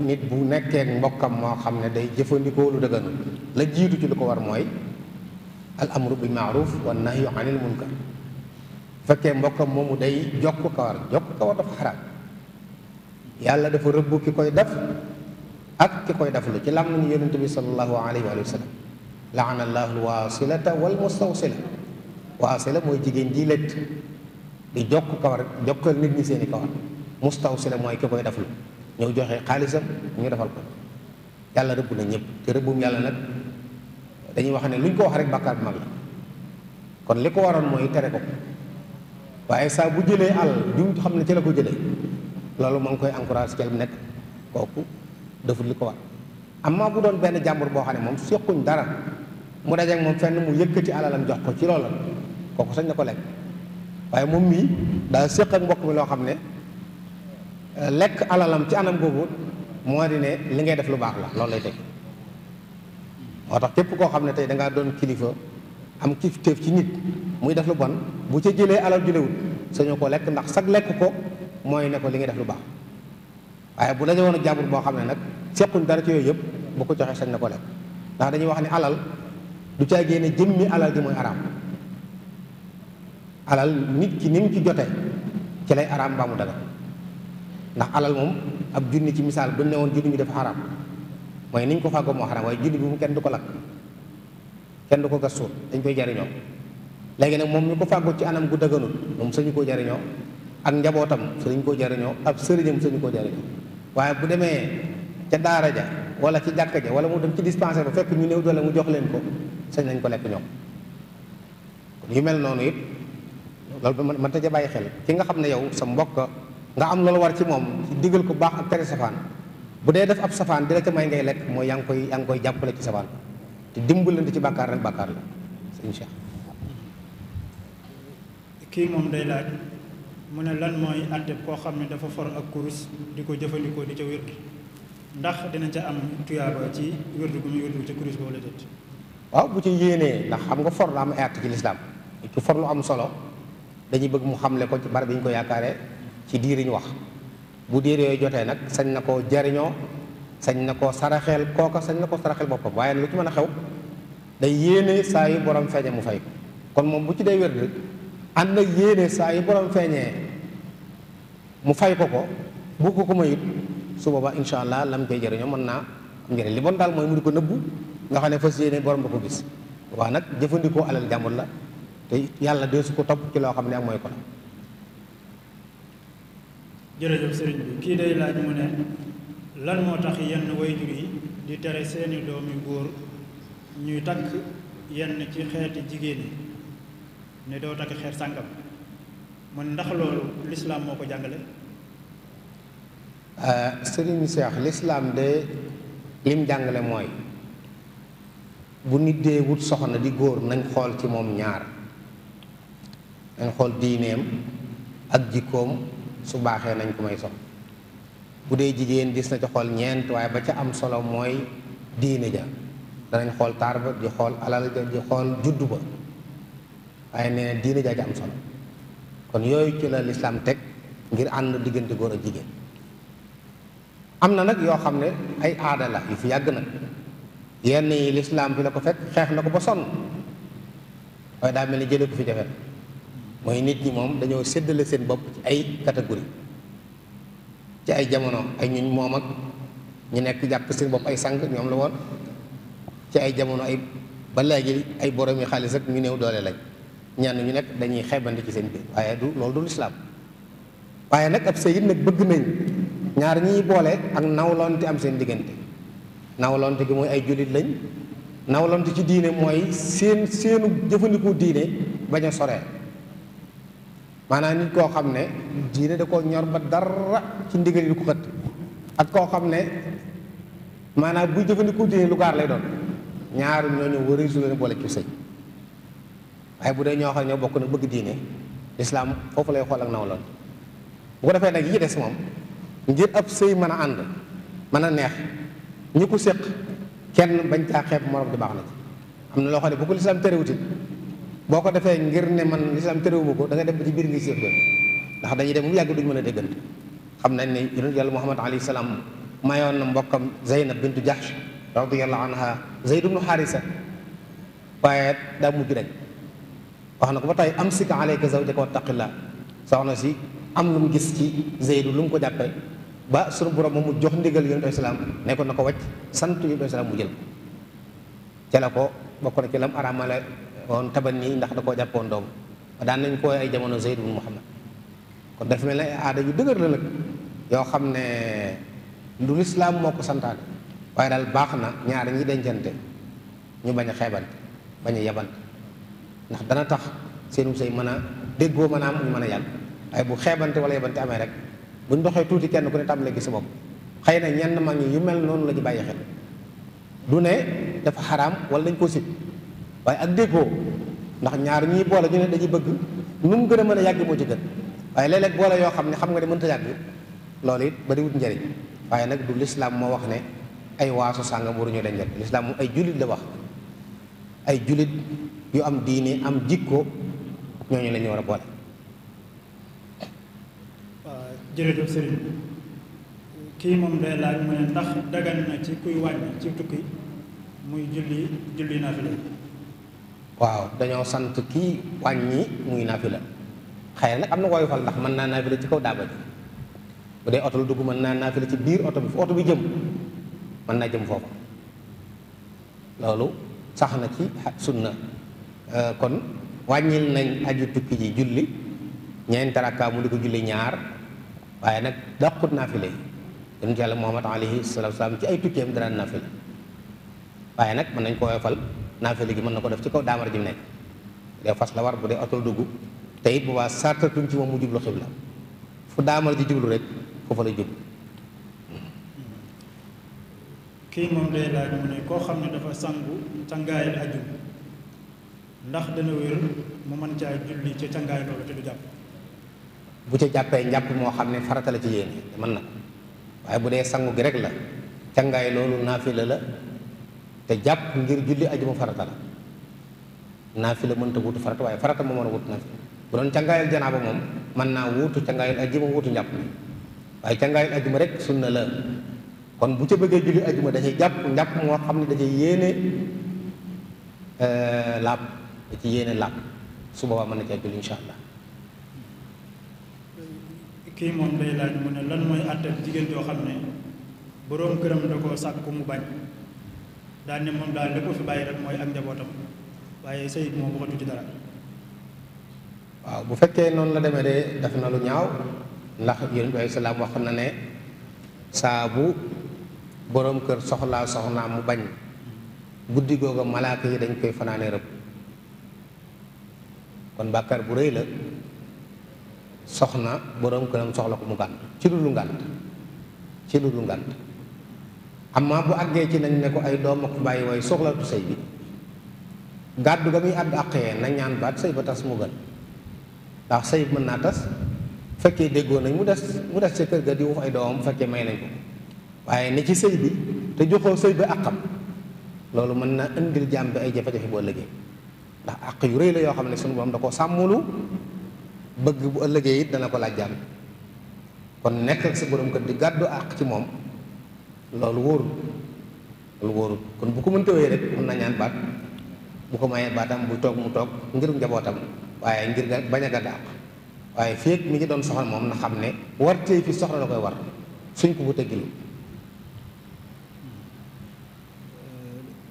nit bu nekkee mbokkam moo xam ne day jëfandikoo lu dëggan la jiitu ci lu ko war mooy al amru bil maaruf wa nahyu anil munkar bu fekkee mbokkam moomu day jokk kawar jokk kawar dafa xaraam yàlla dafa rëbb ki koy def ak ki koy def lu ci làmmiñu yonente bi salallahu alayhi wa sallam laana allahu alwasilata wal mustawsila waasila mooy jigéen ji lett di jokk kawar jokkal nit ñi seeni kawar mustaw si la mooy ki koy deful ñëw joxe xaalisam ñu defal ko yàlla rëbb na ñëpp te rëbbum yàlla nag dañuy wax ne luñ ko wax rek bàkkaar bu mag la kon li ko waroon mooy tere ko waaye saa bu jëlee àll ju xam ne ci la ko jëlee loolu moo ngi koy encourage ci mu nekk kooku deful li ko war amma bu doon benn jàmbur boo xam ne moom séquñ dara mu dajeeg moom fenn mu yëkkati alalam jox ko ci loola kooku sañ na ko lekk waaye moom mii daa séq mbokk mi loo xam ne lekk alalam ci anam googu moo di ne li ngay def lu baax la loolu lay teg moo tax képp koo xam ne tey da ngaa doon kilifa am kilifteef ci nit muy def lu bon bu ca jëlee alal julewut sañoo ko lekk ndax sag lekk ko mooy ne ko li ngay def lu baax waaye bu daje woon ak jàmbur boo xam ne nag sequñ dara ci yooyu yëpp bu ko joxee sañ ne ko lekk ndax dañuy wax ne alal du caa génne jëmmi alal ji mooy araam alal nit ki ni mu ci jotee ci lay araam mbaa daga ndax alal moom ab junni ci misaal bu ne woon junni bi dafa xaraam mooy niñ ko fàggoo moo xaraam waaye junni bi mu kenn du ko lakk kenn du ko gas suul dañ koy jariñoo léegi nag moom ñu ko fàggoo ci anam gu dëgganut moom sañu koo jariñoo ak njabootam sañu koo jariñoo ab sëriñam sañu koo jariñoo waaye bu demee ca daara ja wala ci jàkka ja wala mu dem ci dispensaire ba fekk ñu néew doole mu jox leen ko sañ nañ ko lekk ñoom kon yu mel noonu it loolu ba mën ta ca bàyyi xel ki nga xam ne yow sa mbokk nga am lolu war ci mom digel ko bax ak tere safan bu de def ab safan dila ca may ngay lek moy yang koy yang koy jappale ci safan te dimbalante ci bakkar rek bakkar la sëñ Cheikh kii moom day laaj mune lan moy àtte ko xam dafa for ak kurus diko ko di ca wér ndax dina ca am tuyaaba ci wér gu muy wér ci kurus bo la jott waaw bu ci yene ndax xam nga for la am ay ci lislaam ci for lu am solo dañuy bëgg mu xamle ko ci barab yi ko yaakaaree ci diir ñu wax bu diir yooyu jotee nag sañ na koo jariñoo sañ na koo saraxeel kooka sañ na ko saraxel boppam waaye lu ci mën a xew day yéene saa yu borom feeñee mu fay kon moom bu ci day wér ànd ak yéene saa yu borom feeñee mu fay ko ko bu ko ko mayut su boobaa incha allah lam koy jariñoo mën naa am njëriñ li bon daal mooy mu di ko nëbbu nga xam ne fas yéene borom ba ko gis waaw nag jëfandikoo alal jàmbur la te yàlla dee su ko topp ci loo xam ne ak mooy ko la jërëjëf sëriñ bi kii day laaj mu ne lan moo tax yenn wayjur yi di tere seeni doom yu góor ñuy takk yenn ci xeeti jigéen yi ne doo takk xeet sàngam man ndax loolu lislaam moo ko jàngale euh, sëriñ seex lislaam de lim jàngale mooy bu nit dee wut soxna di góor nañ xool ci moom ñaar nañ xool diineem ak jikkoom su baaxee nañ ko may sol bu dee jigéen gis na ci xool ñeent waaye ba ca am solo mooy diine ja danañ xool taar ba di xool alal ja di xool juddu ba waaye nee na diine ja ca am solo kon yooyu ci la lislaam teg ngir ànd diggante góor ak jigéen am na nag yoo xam ne ay aada la fi yàgg nag yenn yi lislaam bi la ko fekk xeex na ko ba sonn waaye daa mel ni jëlee ko fi jafe mooy nit ñi moom dañoo séddale seen bopp ay catégorie ci ay jamono ay ñuñ moom ak ñu nekk jàpp seen bopp ay sang ñoom la woon ci ay jamono ay ba léegi ay borom yi xaalis ak ñu néew doole lañ ñenn ñu nekk dañuy xeebante seen biir waaye du loolu du lislaam waaye nag ab sëy nag bëgg nañ ñaar ñiy boole ak nawlonte am seen diggante nawlonte gi mooy ay jullit lañ nawlonte ci diine mooy seen seenu jëfandikoo diine bañ a soree maanaam nit koo xam ne diine da koo ñor ba dara ci ndigal yi du ko xëtt ak koo xam ne maanaam buy jëfandikoo diine lu gaar lay doon ñaar ñooñu wari su leen boole ci sëy waaye bu dee ñoo xam ne bokk na bëgg diine lislaam foofu lay xool ak naw loon bu ko defee nag yi des moom ngir ab sëy mën a ànd mën a neex ñi ko séq kenn bañ caa xeeb morom di baax na ci am na loo xam ne bu ko lislaam terewuti boo ko defee ngir ne man li lislaam tërëwuma ko da nga def ba ci biir ngi séet ko ndax dañuy dem mu yàgg duñ mën a déggante xam nañ ne yonent yàlla muhammad alayhi salaam mayoon na mbokkam zeynab bintu jahsh radiyallahu anha zeyd ibnu xaarisa waaye daa mujj rek wax na ko ba tey am sika alayka zawjaka wattaqillah soxna si am lu mu gis ci zeydu lu mu ko jàppe ba sunu borom mu jox ndigal yonent salaam ne ko na ko wàcc sant yonent islaam mu jël ca ko bokk na ci jàppoon taban nii ndax da koo jàppoon doom ba daan nañ koy ay jamono Zayd ibn Muhammad kon dafa mel ne ay aada yu dëgër la nag yoo xam ne du lislaam moo ko santaane waaye daal baax na ñaar ñi dencante ñu bañ a xeebante bañ a yebante ndax dana tax seenu sëy mën a déggoo ma naa am mën a yàlla waaye bu xeebante wala yebante amee rek buñ doxee tuuti kenn ku ne tàmbalee gis bopp xëy na ñenn mag ñi yu mel noonu la ñu bàyyi xel du ne dafa xaraam wala dañ waaye ak déggoo ndax ñaar ñii boole ñu ne dañuy bëgg nu mu gën a mën a yàgg moo ci gën waaye léeg boole yoo xam ne xam nga ne mënta yàgg loolu it bari wut njëriñ waaye nag du lislaam moo wax ne ay waaso sàngam waruñu leen njëriñ ay julit la wax ay julit yu am diine am jikko ñooñu la ñu war a boole. waaw jërëjëf sëriñ kii moom day laaj mu ne ndax dagan na ci kuy wàññi ci tukki muy julli julli naafila waaw dañoo sant ki wàññi muy nafila xëy nag am na woyofal ndax mën naa nafila ci kaw daaba ji bu dee oto la dugg mën naa naafila ci biir oto bi fu oto bi jëm mën naa jëm foofu loolu sax na ci sunna euh, kon wàññil nañ aji tukki ji julli ñeenti rakkaa mu di ko julli ñaar waaye nag dàqut nafila yi yonent yàlla Muhammad alayhi salaatu salaam ci ay tukkeem dara nafila waaye nag mën nañ ko woyofal naafila gi mën na ko def ci kaw daamar ji nek nekk fas la war bu dee oto dugg te it bu waa sartatuñ ci mo mu jublu xibla fu daamar ji jublu rek fa lay jublu ki mo day laaj mu ne ko xamni dafa sangu cangaay aju ndax dana wër mu man mën caa julli ca cangaay loolu te du japp bu ci jappé ñap mo xamni farata la ci yéene man nak waye waaye bu dee sangu gi rek la cangaay loolu naafila la te jàpp ngir julli ajuma farata la naafila mënta wuutu farata waaye farata moom mën a wuutu naafila bu doon cangaayal janaaba moom mën naa wuutu cangaayal ajuma wuutu njàpp mi waaye cangaayal ajuma rek sunna la kon bu ca bëggee julli ajuma da jàpp njàpp moo xam ne da yéene euh, laab da ci yéene laab su boobaa mën na caa julli insha allah kii moom day laaj mu ne lan mooy àttal jigéen joo xam ne boroom këram da sàkk mu bañ daan ne moom daal lépp fi bàyyi rek mooy ak njabootam waaye sëy bi moom waxatu ci dara. waaw bu fekkee noonu la deme de def na lu ñaaw ndax yonent bi alayhi salaam wax na ne saabu boroom kër soxlaa soxnaa mu bañ guddi googa malaaka yi dañ koy fanaane rëbb kon bàkkaar bu rëy la soxna boroom këram soxla ko mu ngànt ci lu lu ngànt ci lu lu ngànt amma bu àggee ci nañ ne ko ay doom ak bàyyi way soxlatu sëy bi gàddu ga muy àddu àqee na ñaan baat sëy ba tas mu gën ndax sëy mën naa tas fekkee déggoo nañ mu des mu des ca kër ga di wax ay doomam fekkee may nañ ko waaye ni ci sëy bi te joxoo sëy bi àqam loolu mën na indil jàmb ay jafe-jafe bu ëllëgee ndax àq yu rëy la yoo xam ne suñu borom da ko sàmmulu bëgg bu ëllëgee it dana ko laaj jaam kon nekk ak sa borom kër di gàddu àq ci moom loolu wóorul kon buku ko ya, mënta wéy rek mën na ñaan baat bu ko mayee baatam bu tok mu tok ngir njabotam waye ngir baña ga gàddaaq waye feeg mi ngi don soxal mom na xam war tey fi soxla la koy war suñ ko bu tëggilu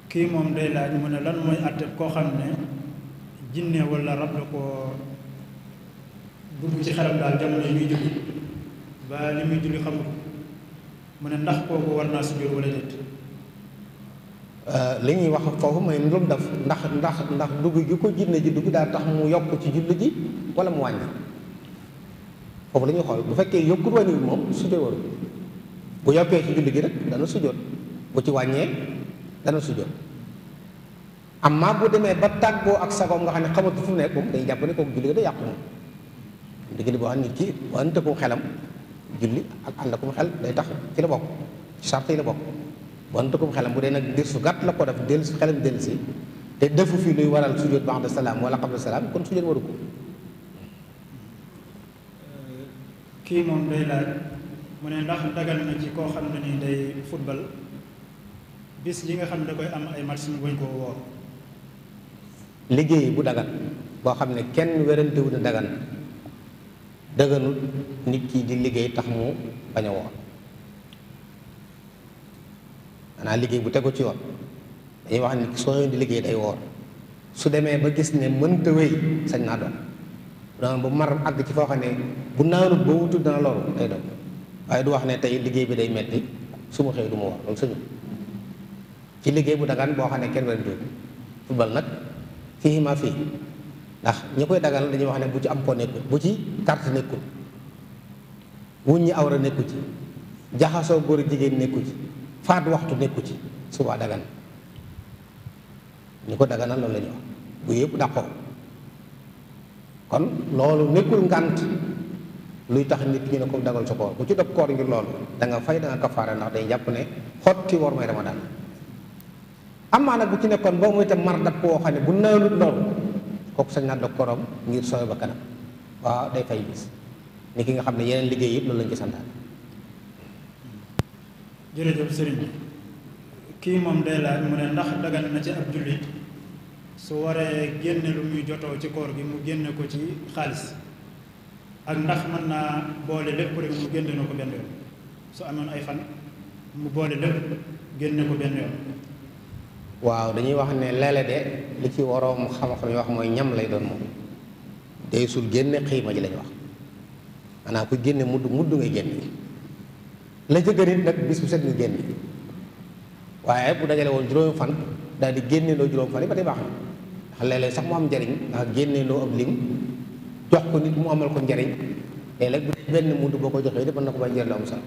ki mom day laaj mu ne lan moy ko jinne rab la koo dugg ci xaram dal jamono ñuy jëg ba julli xamul mu ne ndax kooku war naa sujjóot wala déet euh, li ñuy wax foofu mooy lu mu def ndax ndax ndax dugg ji ko jinne ji dugg daa tax mu yokk ci julli ji wala mu wàññi foofu la ñuy xool bu fekkee yokkul wàññi moom sujjóot waru bu yokkee ci julli ji rek dana sujjóot bu ci wàññee dana sujjóot amma bu demee ba tàggoo ak sagoom nga xam ne xamatu fu mu nekk moom day jàpp ne kooku julli gi day yàqu moom diggante boo xam nit ki wante ko xelam julli ak ànd akum xel day tax ci la bokk ci sart yi la bokk bon takum xelam bu dee nag diir su gàtt la ko def del su xelam del si te defu fi luy waral sujjóot ba'da salaam wala qabla salaam kon sujjóot waru ko kii moom day laaj mu ne ndax dagal na ci koo xam ne nii day football bis yi nga xam ne da koy am ay match ñu wañ koo woor liggéey bu dagan boo xam ne kenn wérante wu dagan dëgënut nit ki di liggéey tax mu bañ a woor liggéey bu tegu ci yoon dañuy wax ni soo yoon di liggéey day woor su demee ba gis ne mënta wéy sañ naa doon doon bu mar àgg ci foo xam ne bu naanut ba wutul dana loru day doon waaye du wax ne tey liggéey bi day metti su ma xëy du ma woor loolu sañu ci liggéey bu dagan boo xam ne kenn ren jóg football nag fii ma fii ndax ñi dagal dañuy wax ne bu ci am ko nekkul bu ci carte nekkul wuñ ñi awra nekkul ci jaxasoo góor jigéen nekkul ci faat waxtu nekkul ci suba dagan ñi ko daganal loolu lañu wax bu yëpp dàqoo kon loolu nekkul ngant luy tax nit ñu ne ko dagal sa koor bu ci dog koor ngir loolu da nga fay da nga kafaara ndax day jàpp ne xotti war may ramadan daan amaa bu ci nekkoon boo muy tam mar dab woo xam ne bu naanut loolu Kok sañ na dok korom ngir soy ba kanam wa day fay bis ni ki nga xamne yeneen liggey yëpp loolu lañ ci santal jere sëriñ bi ki mom day la mu ne ndax dagal na ci abdulit su waré genn lu muy joto ci koor gi mu genn ko ci khalis ak ndax man na boole lepp rek mu genn na ko benn yoon su amone ay fan mu boole lépp génne ko benn yoon waaw dañuy wax ne lele de li ci waroom xam-xam yi wax mooy ñam lay doon moom day sul génne xiima ji lañ wax maanaam ku génne mudd mudd ngay génne la jëgërit nag bis bu set ñu génne waaye bu dajale woon juróom fan daal di loo juróom fan baax na ndax léeg sax mu am njariñ ndax génne loo ab lim jox ko nit mu amal ko njariñ léeg-léeg bu dee benn mudd boo ko joxee de na ko bañ njariñ lu am sax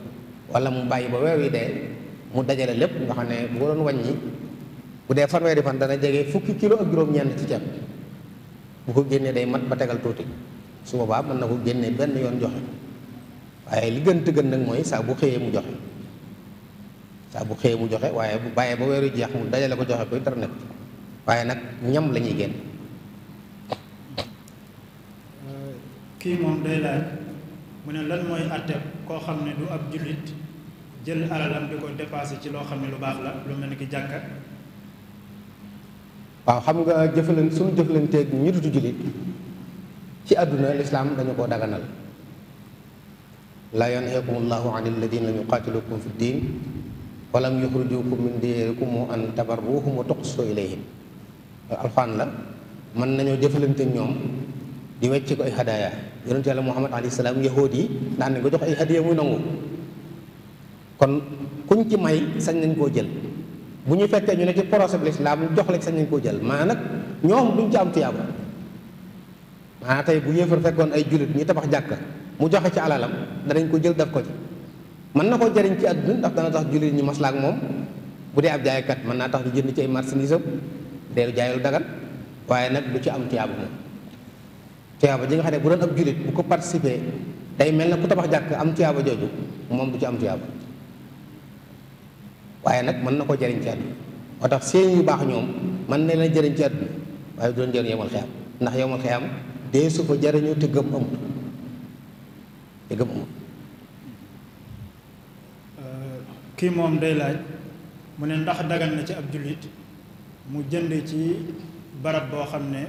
wala mu bàyyi ba weer wi dee mu dajale lépp nga xam ne bu ko doon wàññi bu dee fanweeri fan dana jege fukki kilo ak juróom-ñeent ci ceeb bu ko génnee day mat ba tegal tuuti su boobaa mën na ko génnee benn yoon joxe waaye li gën te nag mooy saa bu xëyee mu joxe saa bu xëyee mu joxe waaye bu bàyyee ba weeru jeex mu dajale ko joxe koy dara nekk waaye nag ñam la ñuy génn. kii moom day laaj mu ne lan mooy àtte koo xam ne du ab jullit jël alalam di ko dépassé ci loo xam ne lu baax la lu mel ni ki jàkka. waaw xam nga jëfalan suñu jëfalanteeg ñi dutu jullit ci àdduna lislaam dañu koo daganal laa yanhaakum allahu an alladina lam yuqaatilukum fi ddin wa lam yuxrijukum min alxaan la mën nañoo jëfalante ñoom di wecc ko ay hadaaya yonent yàlla muhammad alayhi salaam yahood yi daan nañ ko jox ay hadiya muy nangu kon kuñ ci may sañ nañ koo jël bu ñu fekkee ñu ne ci porose bi lislaam ñu jox la sañ nañ koo jël maa nag ñoom duñ ci am tiyaaba maa tey bu yéefar fekkoon ay jullit ñu tabax jàkka mu joxe ci alalam danañ ko jël def ko ci mën na ko jariñ ci àdduna ndax dana tax jullit ñi maslaak moom bu dee ab jaaykat mën naa tax ñu jënd ci ay marchandise deelu jaayul dagan waaye nag du ci am tiyaaba moom tiyaaba ji nga xam ne bu doon ab jullit bu ko participer day mel ne ku tabax jàkk am tiyaaba jooju moom du ci am tiyaaba waye nak man nako ko ci àdduna motax seen yu bax ñoom man na la jëriñ ci àdduna waye du leen yamul xiyam ndax yamul xiyam de su fa jëriñu te gëm am te gëm euh ki mom day laaj mu ne ndax dagan na ci abdulit mu jënd ci barab bo xamne ne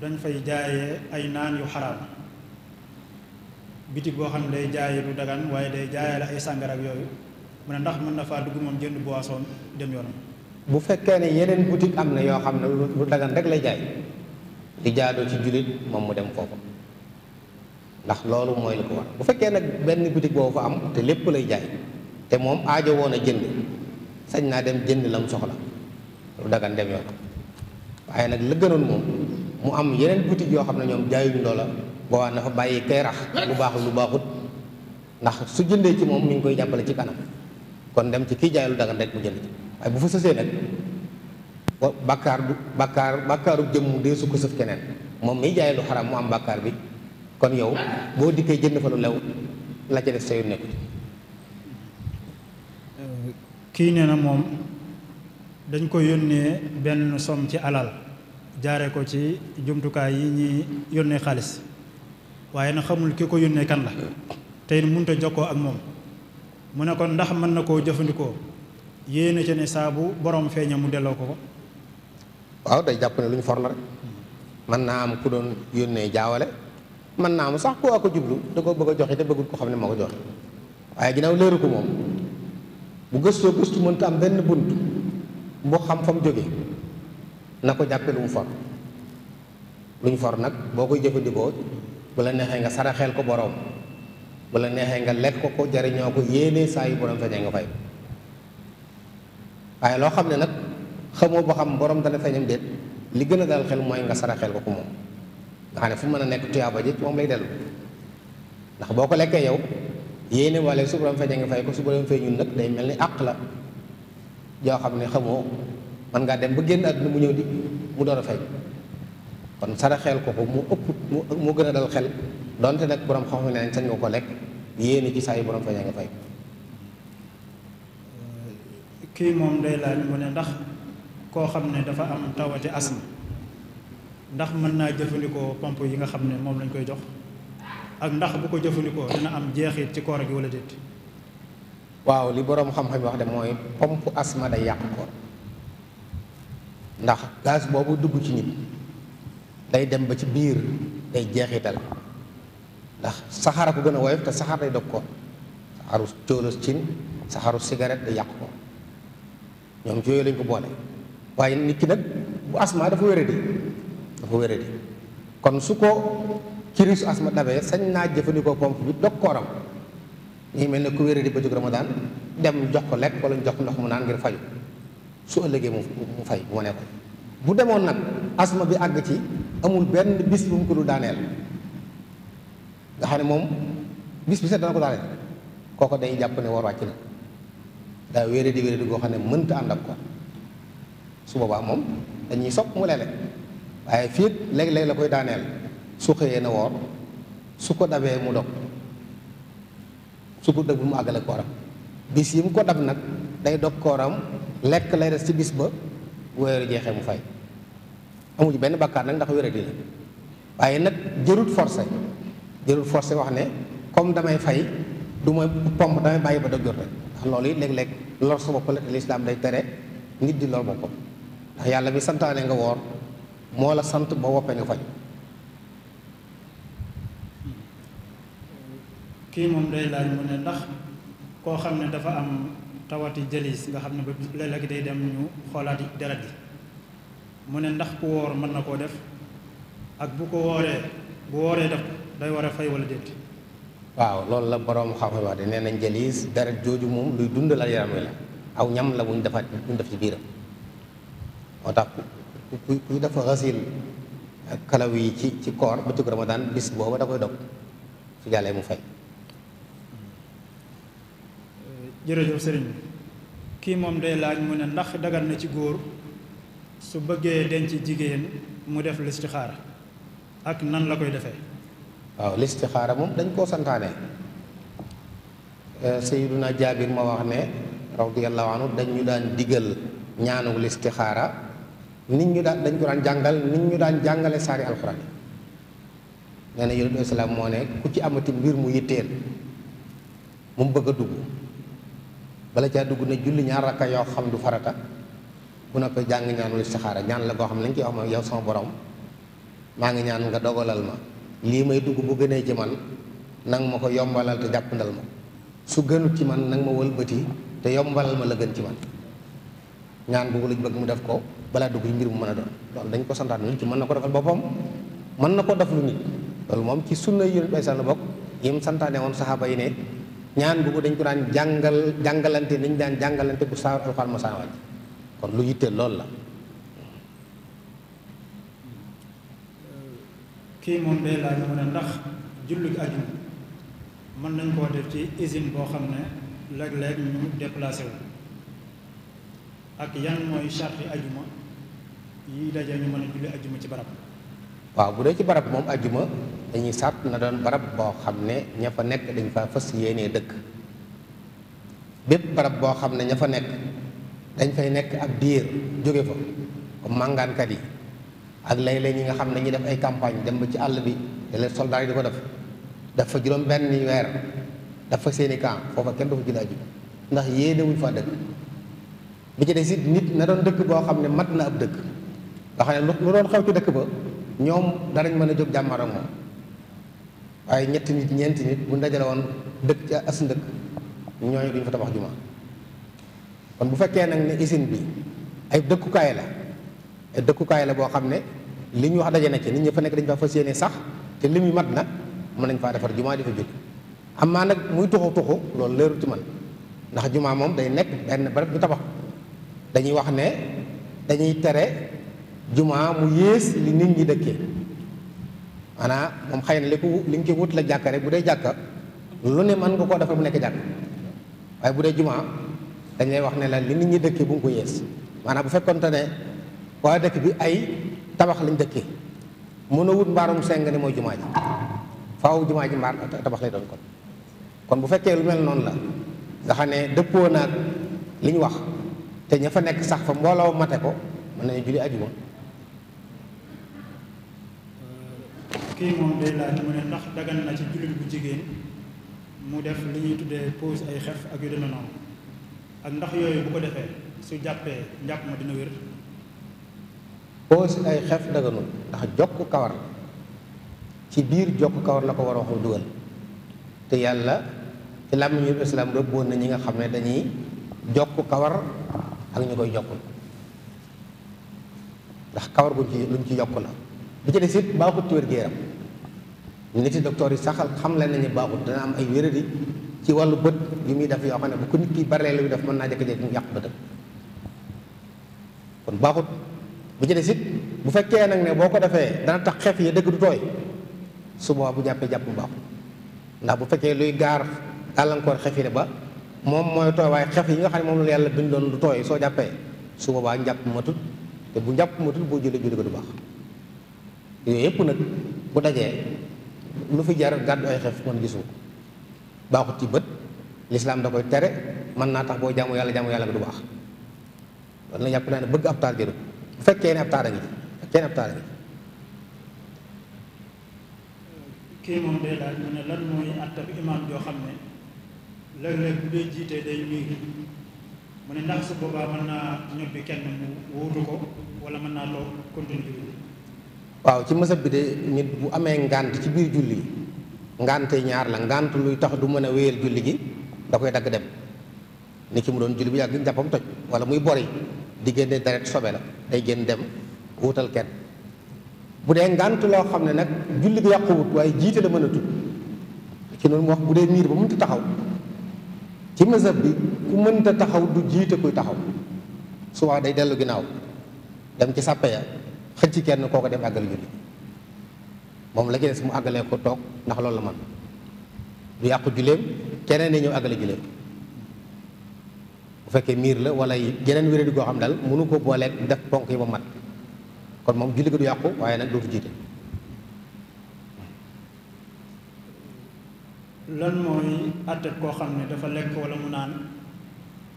dañ fay jaayé ay naan yu haram bitik bo xamne day jaayé lu dagan waye day jaayé la ay sàngara yoyu mu ne ndax mën na faa dugg moom jënd boisson dem yoonam. bu fekkee ne yeneen boutique am na yoo xam ne lu dagan rek lay jaay di jaadoo ci jullit moom mu dem foofu ndax loolu mooy li ko war bu fekkee nag benn boutique boobu fa am te lépp lay jaay te moom aajo woon a jënd sañ naa dem jënd lam soxla lu dagan dem yoonam waaye nag la gënoon moom mu am yeneen boutique yoo xam ne ñoom jaayuñ loola boobaa na fa bàyyi kay rax lu baaxul lu baaxut ndax su jëndee ci moom mi ngi koy jàppale ci kanam kon dem ci kii jaay lu dagan rek mu jënd ci waaye bu fa sësee nag bàkkaar du bàkkaar bàkkaaru jëmm dee su ko sëf keneen moom miy jaay lu xaram mu am bàkkaar bi kon yow boo dikkee jënd fa lu lew la ca def sa yu kii nee na moom dañ ko yónnee benn somme ci alal jaare ko ci jumtukaay yi ñuy yónnee xaalis waaye na xamul ki ko yónnee kan la tey mënut a jokkoo ak moom mu ne kon ndax mën na koo jëfandikoo yéene ca ne saa bu borom feeña mu delloo ko ko waaw day jàpp ne lu ñu for la rek mën naa am ku doon yónnee jaawale mën naa am sax ku waa ko jublu da ko bëgg a joxe te bëggul ko xam ne moo ko joxe waaye ginnaaw léeru ko moom bu gëstoo gëstu mënta am benn bunt bu xam fa mu jógee na ko jàppe lu mu for lu ñu for nag boo koy jëfandikoo bu la neexee nga saraxeel ko boroom bu la neexee nga lekk ko ko jariñoo ko yéene saa yu borom feeñee nga fay waaye loo xam ne nag xamoo ba xam borom dana feeñam déet li gën a dal xel mooy nga saraxel ko ko moom nga xam ne fu mën a nekk tuyaaba ji moom lay dellu ndax boo ko lekkee yow yéene wala su borom feeñee fay ko su borom feeñul nag day mel ni àq la yoo xam ne xamoo mën ngaa dem ba génn àdduna mu ñëw di mu door a feeñ kon saraxel ko ko mu ëpp mu gën a dal xel donte nag boroom xam-xam ne sañ nga ko lekk yéene ci saa yi borom fay nga fay. Euh, kii moom day laaj mu ne ndax koo xam ne dafa am tawati asma ndax mën naa jëfandikoo pompe yi nga xam ne moom lañ koy jox ak ndax bu ko jëfandikoo dina am jeexit ci koor gi wala déet. waaw li borom xam-xam wax de mooy pomp asma day yàq koor ndax gaz boobu dugg ci nit day dem ba ci biir day jeexital. ndax saxaar a ko gën a woyof te saxaar day dog ko saxaaru cóolos cin saxaaru cigarette day yàq ko ñoom ci yooyu lañ ko boole waaye nit ki nag bu asma dafa wéradi dafa wéradi kon su ko kirisu asma dabee sañ naa jëfandikoo pompe bi dog kooram ñuy mel ne ku wéradi ba jóg ramadaan dem jox ko lekk wala jox ndox mu naan ngir faju su ëllëgee mu mu fay mu ne bu demoon nag asma bi àgg ci amul benn bis bu ko du daaneel nga xam ne moom bis bi set dana ko daane kooko day jàpp ne war wàcc na daa wéere di wéere di goo xam ne mënta ànd ak ko su boobaa moom dañuy sopp mu leele waaye fii léeg-léeg la koy daaneel su xëyee na woor su ko dabee mu dog su ko dog bu mu àggale kooram bis yi mu ko dab nag day dog kooram lekk lay des ci bis ba wéeru jeexee mu fay amu ci benn bakkaar nag ndax wéeradi la waaye nag jërut forcé jërul forcé wax ne comme damay fay duma ma pomp damay bàyyi ba dog jot rek ndax loolu it léeg-léeg lor sa bopp la te lislaam day tere nit di lor boppam ndax yàlla mi santaane nga woor moo la sant ba woppee nga faj kii moom day laaj mu ne ndax koo xam ne dafa am tawati jëlis nga xam ne ba léeg-léeg day dem ñu xoolaat deret yi mu ne ndax ku woor mën na koo def ak bu ko wooree bu wooree def day war a fay wala déet. waaw loolu la borom xam-xam wax de nee nañ jëlis deret jooju moom luy dundal yaram wi la aw ñam la wuñ defaat buñ def ci biiram moo tax ku ku dafa xasil kalaw yi ci ci koor bëccëg Ramadan bis booba da koy dog su jàllee mu fay. jërëjëf sëriñ bi kii moom day laaj mu ne ndax dagal na ci góor su bëggee denc jigéen mu def listixaar ak nan la koy defee. waaw listixaara moom dañ koo santaane eh, sayiduna jaabir ma wax ne radiallahu anhu dañ ñu daan digal ñaanu listixaara nit ñu daan dañ ko daan jàngal nit ñu daan jàngale saari alxuraan yi nee na yonent islam moo ne ku ci amati mbir mu yitteel mu bëgg a dugg bala caa dugg ne julli ñaar rakka yoo xam du farata bu na ko jàng ñaanu listixaara ñaan la koo xam ne lañ koy wax ma yow sama borom maa ngi ñaan nga dogalal ma lii may dugg bu gënee ci man nang ma ko yombalal te jàppandal ma su gënul ci man nang ma wëlbati te yombalal ma la gën ci man ñaan boobu lañ bëgg mu def ko balaa dugg ci mbir mu mën a doon loolu dañ ko santaat nit ci mën na ko defal boppam man na ko def lu nit loolu moom ci sunna yonent sax sall bokk yim santaane woon saxaaba yi ne ñaan boobu dañ ko daan jàngal jàngalante niñ daan jàngalante bu saar alxuraan ma saawaj kon lu yitteel loolu la kii moom day laaj mu na ndax jullit ajuma mën nañ koo def ci usine boo xam ne léeg-léeg ñu déplacé wu ak yan mooy charte ajuma yi daje ñu mën a julli ajuma ci barab waaw bu dee ci barab moom ajuma dañuy sàtt na doon barab boo xam ne ña fa nekk dañ fa fas yéenee dëkk bépp barab boo xam ne ña fa nekk dañ fay nekk ak diir jóge fa comme màngaankat yi ak léeg-léeg ñi nga xam ne ñu def ay campagne dem ba ci àll bi te leen soldats yi di ko def daf fa juróom benn weer def fa seeni camp foofa kenn du fa julaa ji ndax yéene wuñ faa dëkk bi ci des it nit na dëkk boo xam ne mat na ab dëkk nga xam ne doon xew dëkk ba ñoom danañ mën a jóg jàmmar waaye ñetti nit ñeenti nit bu dajale woon dëkk ci as ndëkk ñooñu duñ fa tabax juma kon bu fekkee nag ne usine bi ay dëkkukaay la dëkkukaay la boo xam ne li ñu wax daje na ci nit ñi fa nekk dañ faa fas yéene sax te lim yi mat na mën nañ faa defar jumaa di fa julli xam naa nag muy tuxu tuxu loolu leerul ci man ndax jumaa moom day nekk benn barab ñu tabax dañuy wax ne dañuy tere jumaa mu yées li nit ñi dëkkee maanaam moom xëy na li ko li nga koy wut la jàkka rek bu dee jàkka lu ne mën nga koo defar bu nekk jàkka waaye bu dee jumaa dañ lay wax ne la li nit ñi dëkkee bu nga ko yées maanaam bu fekkonte ne waaye dëkk bi ay tabax lañ dëkkee mën a wut mbaarum seng ne mooy jumaa ji faaw jumaa ji mbaar tabax lay doon kon kon bu fekkee lu mel noonu la nga xam ne dëppoo naag li ñu wax te ña fa nekk sax fa mbooloo mate ko mën nañu julli ajuma kii moom day laaj mu ne ndax dagan na ci jullit bu jigéen mu def li ñuy tuddee pose ay xef ak yu deme noonu ak ndax yooyu bu ko defee su jàppee njàpp ma dina wér si ay xef daganul ndax jokk kawar ci biir jokk kawar la ko war a waxu dugal te yàlla ci làmmiñu islaam rëbboon na ñi nga xam ne dañuy jokk kawar ak ñu koy jokkul ndax kawar guñ ci luñ ci yokk la bi ci des it baaxut ci wér gu nit yi docteur yi saxal xam leen nañu baaxut dana am ay wéradi ci wàll bët yu muy def yoo xam ne bu ko nit ki baree lu muy def mën naa jékki-jékki mu yàq bëtam kon baaxut bu ci sit bu fekkee nag ne boo ko defee dana tax xef yi dëgg du tooy su boobaa bu jàppee jàpp mu baaxul ndax bu fekkee luy gaar gàllankoor xef yi ba moom mooy tooy waaye yi nga xam ne moom la yàlla bindoon du tooy soo jàppee su boobaa njàpp matul te bu njàpp matul boo jëlee julli ko du baax yooyu yëpp nag bu dajee lu fi jar gàddu ay xef man gisu ko baaxut ci bët lislaam da koy tere mën naa tax boo jaamu yàlla jaamu yàlla du baax loolu na jàpp naa ne bëgg ab taar fekkee ne ab taara ngi ci fekkee ne ab taara ngi ci. kii moom day laaj mu ne lan mooy àttab imaam joo xam ne léeg-léeg bu dee jiitee day miir mu ne ndax su boobaa mën naa ñobbi kenn mu wuutu ko wala mën naa toog continue julli waaw ci mësab bi de nit bu amee ngànt ci biir julli ngànte ñaar la ngànt luy tax du mën a wéyal julli gi da koy dagg dem ni ki mu doon julli bu yàgg toj wala muy bori di génne deret sobe la day génn dem wutal kenn bu dee ngànt loo xam ne nag julli gi yàquwut waaye jiite la mën a tudd ci noonu mu wax bu dee miir ba mënta taxaw ci mazhab bi ku mënta taxaw du jiite kuy taxaw souvent day dellu ginnaaw dem ci sàppe ya xëcc kenn koo ko dem àggal julli moom la ci des mu àggalee ko toog ndax loolu la man du yàqu julleem keneen ne ñëw àggale julleem bu fekke mir la wala yeneen wéradi go xam dal munu ko bolé def ponk yi ba mat kon mom julli gi du yàqu nak do dootu jité lan moy àtte ko xamné dafa lek wala mu nan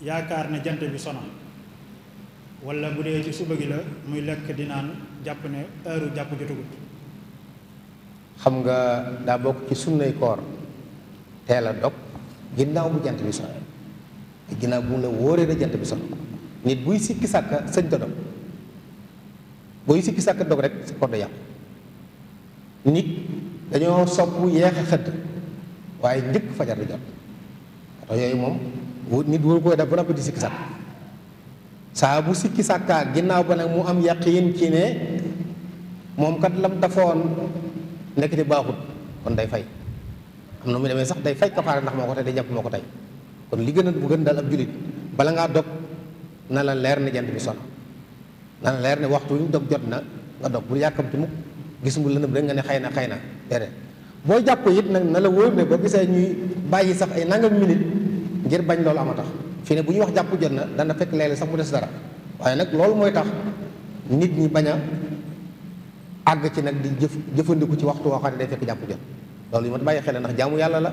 yaakar ne jant bi sona wala bu dé ci suba gi la muy lek di nan japp né heure japp xam nga da bok ci sunnay koor bu jant bi sona ginnaaw bu mu la wóoree da jant bi sono nit buy sikki sàkka sëñ ko dog buy sikki sàkka dog rek sa kodd yàqu nit dañoo sopp yeex a xëdd waaye njëkk fajar di jot tax yooyu moom nit wóor koy def ba noppi di sikki sàkk saa bu sikki sàkkaa ginnaaw ba nag mu am yaqiin ci ne moom kat lam dafoon nekk di baaxut kon day fay am na mu demee sax day fay kafaara ndax moo ko tey day jàpp moo ko tey kon li gëna bu gën dal ab julit bala nga dog na la leer ne jant bi sono na la leer ne waxtu ñu dog jot na nga dog bu ci mu gis mu leen rek nga ne xeyna xeyna dere na japp yit nak na la woor ne boo gisee ñuy bayyi sax ay nangam minute ngir bañ lool amata fi ne bu ñu wax japp jot na dana fekk léeg sax mu dess dara waye nak lool moy tax nit ñi baña ag ci nak di jëf ci waxtu woo xam day fekk japp jot lool yu ma bayyi xel nak jaamu yalla la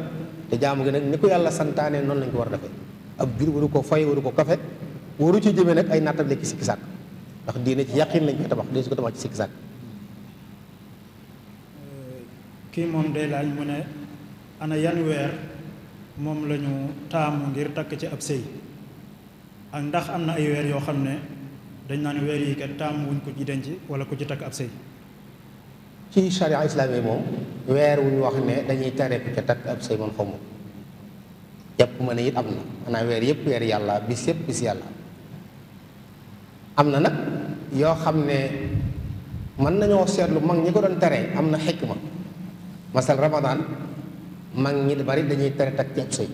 te jaamu gi ne ni ko yàlla santaane noonu lañ ko war a defee ab jur waru ko fay waru ko kafe waru ci jëmee nag ay nattable ci sikki sàkk ndax diine ci yàqin lañ koy tabax dee su ko tabax ci sikki sàkk euh, kii moom day laaj mu ne ana yan weer moom lañu ñu taamu ngir takk ci ab sëy ak ndax am na ay weer yoo xam ne dañ naan weer yi kat taamu wuñ ko ci denc wala ko ci takk ab sëy ci charia islami moom weer wu ñu wax ne dañuy tere ku ca takk ab sëy man xaw ma jàpp ma yëpp weer yàlla bis yëpp bis yàlla am na nag yoo xam ne mën nañoo seetlu mag ñi ko doon tere am na xekk ma xikma masal ramadan mag ñi bari dañuy tere takk ci ab sëy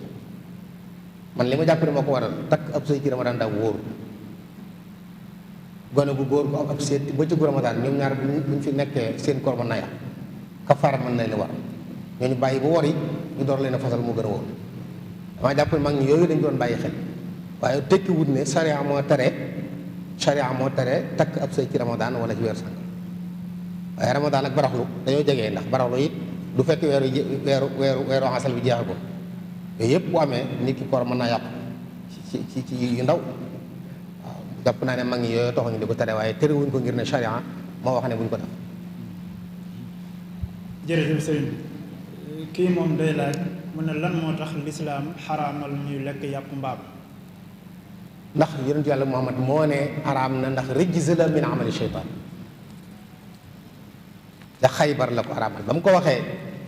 man li ma jàpp ne moo ko waral takk ab sëy ci ramadan daa wóoru gone gu góor gu ak seet ba ci Ramadan ñoom ñaar bu ñu fi nekkee seen koor ma naa yàqu kafaara mën na li war ñu bàyyi bu yi ñu door leen a fasal mu gën a wóor damaa jàpp ne mag ñi yooyu dañu doon bàyyi xel waaye tekki ne sariya moo tere sariya moo tere takk ak sëy ci Ramadan wala ci weer sànq waaye Ramadan ak baraxlu dañoo jege ndax baraxlu yi du fekk weeru weeru weeru weeru asal bi jeexagul yooyu yëpp bu amee nit ki koor mën naa yàqu ci ci ci yu ndaw. jàpp naa ne mag ñi yooyu taxuñu di ko tere waaye terewuñ ko ngir ne charia moo wax ne buñ ko def. jërëjëf sëriñ bi kii moom day laaj mu ne lan moo tax lislaam xaraamal ñuy lekk yàpp mbaam. ndax yonentu yàlla Muhammad moo ne xaraam na ndax rijs la min amali sheytaan da xaybar la ko xaraamal ba mu ko waxee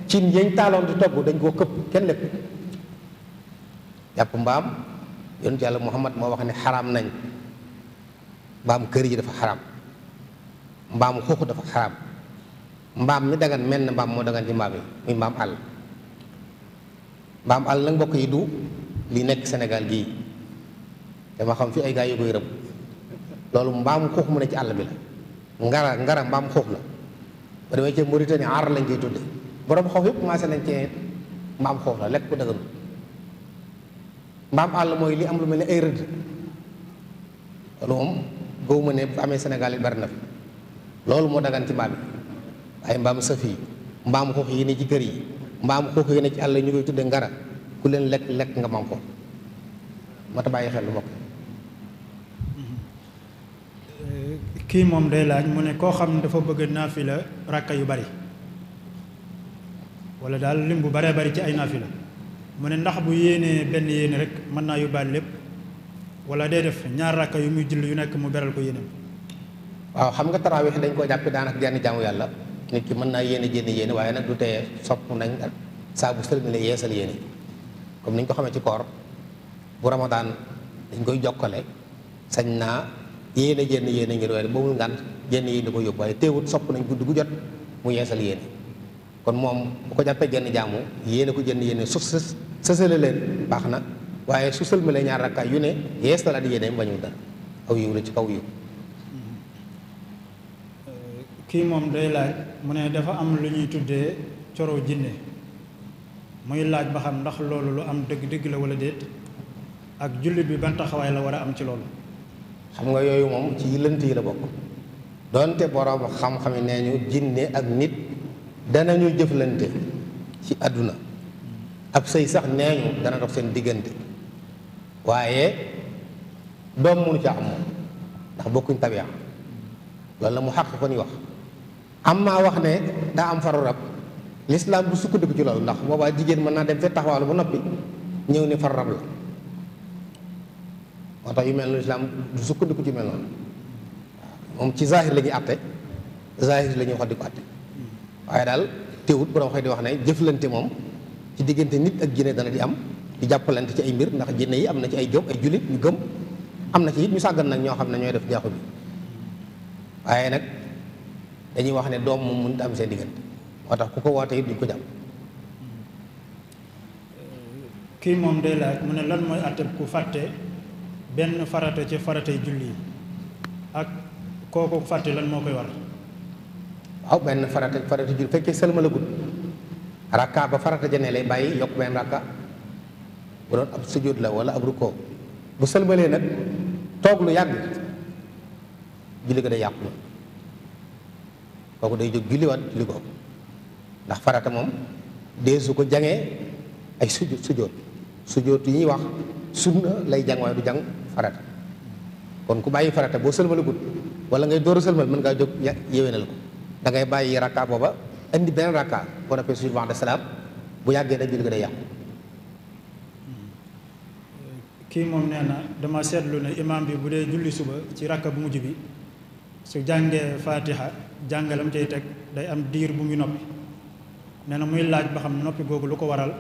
cin yañ taaloon di togg dañ koo këpp kenn lépp yàpp mbaam yonentu yàlla Muhammad moo wax ne xaraam nañ. mbaam kër gi dafa xaraam mbaam xuux dafa xaraam mbaam mi dagan mel na mbaam moo dagan ci mbaam yi muy àll mbaam àll nag mbokk yi li nekk Sénégal gii dama xam fi ay gaa mbaam xuux mu ne ci àll bi la ngara ngara mbaam xuux la ba demee ci Mauritanie aar lañ koy tudde borom xoox yëpp nañ ci mbaam xuux la lekk ko mbaam àll mooy li am lu mel ni ay rëdd loolu moom gëw ma ne bu amee Sénégal yi bari na loolu moo dagan ci mbaam yi ay mbaam sëf yi mbaam xuux yi ne ci kër yi mbaam xuux yi ne ci àll ñu koy tudde ngara ku leen lekk lekk nga mam ko mata bàyyi xel lu bokk euh, kii moom day laaj mu ne koo xam ne dafa bëgg la rakka yu bari wala daal lim bu baree bari ci ay la mu ne ndax bu yéenee benn yéene rek mën naa yóbbaale lépp wala day def ñaar rakka yu muy julli yu nekk mu beral ko yéenam waaw xam nga tarawih dañ koo jàppe ak jenn jàngu yàlla nit ki mën naa yéene jénn yéene waaye nag du teye sopp nañ saa bu sëlmale yeesal yéene comme ni ñu ko xamee ci koor bu ramadaan dañ koy jokkale sañ naa yéene jénn yéene ngir boobul ngànt jénn yi di ko yóbbu waaye teewut sopp nañ guddi gu jot mu yeesal yéene kon moom bu ko jàppee jenn jaamu yéene ko jënd yéene suuf sës sësale leen baax na waaye su sëlmalee ñaar rakkaay yu ne yees talaat yéeneem bañul dara aw yiw la ci kaw yiw euh, kii moom day laaj mu ne dafa am lu ñuy tuddee coro jinne muy laaj ba xam ndax loolu lu am dëgg dëgg la wala déet ak jullit bi ban taxawaay la war a am ci loolu xam nga yooyu moom ci lënt yi la bokk donte borom xam-xam nee ñu jinne ak nit danañu jëflante ci àdduna ab sëy sax nee ñu dana dox seen diggante waaye doom mënu ca am moom ndax bokkuñ tabiya loolu la mu xàq ko ni wax am maa wax ne daa am faru rab lislaam du sukkandiku ci loolu ndax boobaa jigéen mën naa dem fee taxawaalu ba noppi ñëw ni faru rab la moo tax yu mel noonu lislaam du sukkandiku ci mel noonu moom ci zahir la ñuy àtte zahir la ñuy ko àtte waaye daal teewut borom xëy di wax ne jëflante moom ci diggante nit ak jinne dana di am di jàppalante ci ay mbir ndax jinne yi am na ci ay jóg ay jullit ñu gëm am na ci it ñu sàggan nag ñoo xam ne ñooy def jaaxu bi waaye nag dañuy wax ne doom moom mënut am seen diggante moo tax ku ko woote it duñ ko jàpp kii moom de laaj mu ne lan mooy àttab ku fàtte benn farata ci faratay julli yi ak kooku fàtte lan moo koy war waaw benn farata farata julli fekkee sëlmalagul rakka ba farata ja lay bàyyi yokk benn rakka bu doon ab sujjóot la wala ab rukkoo bu sëlmalee nag toog lu yàgg julli ko day yàqu kooku day jóg julliwaat julli ko ndax farata moom dee su ko jangee ay sujjóot sujjóot sujjóot yi ñuy wax sunna lay jang waaye du jang farata kon ku bàyyi farata boo sëlmalagut wala ngay door a sëlmal mën ngaa jóg yéwénal ko da ngay bàyyi rakka booba indi benn rakka boo noppee sujjóot wax de salaam bu yàggee nag julli ko day yàqu kii moom nee na dama seetlu ne imaam bi bu dee julli suba ci rakka bu mujj bi su jàngee faatiha jàngalam cay teg day am diir bu muy noppi nee na muy laaj ba xam noppi googu lu ko waral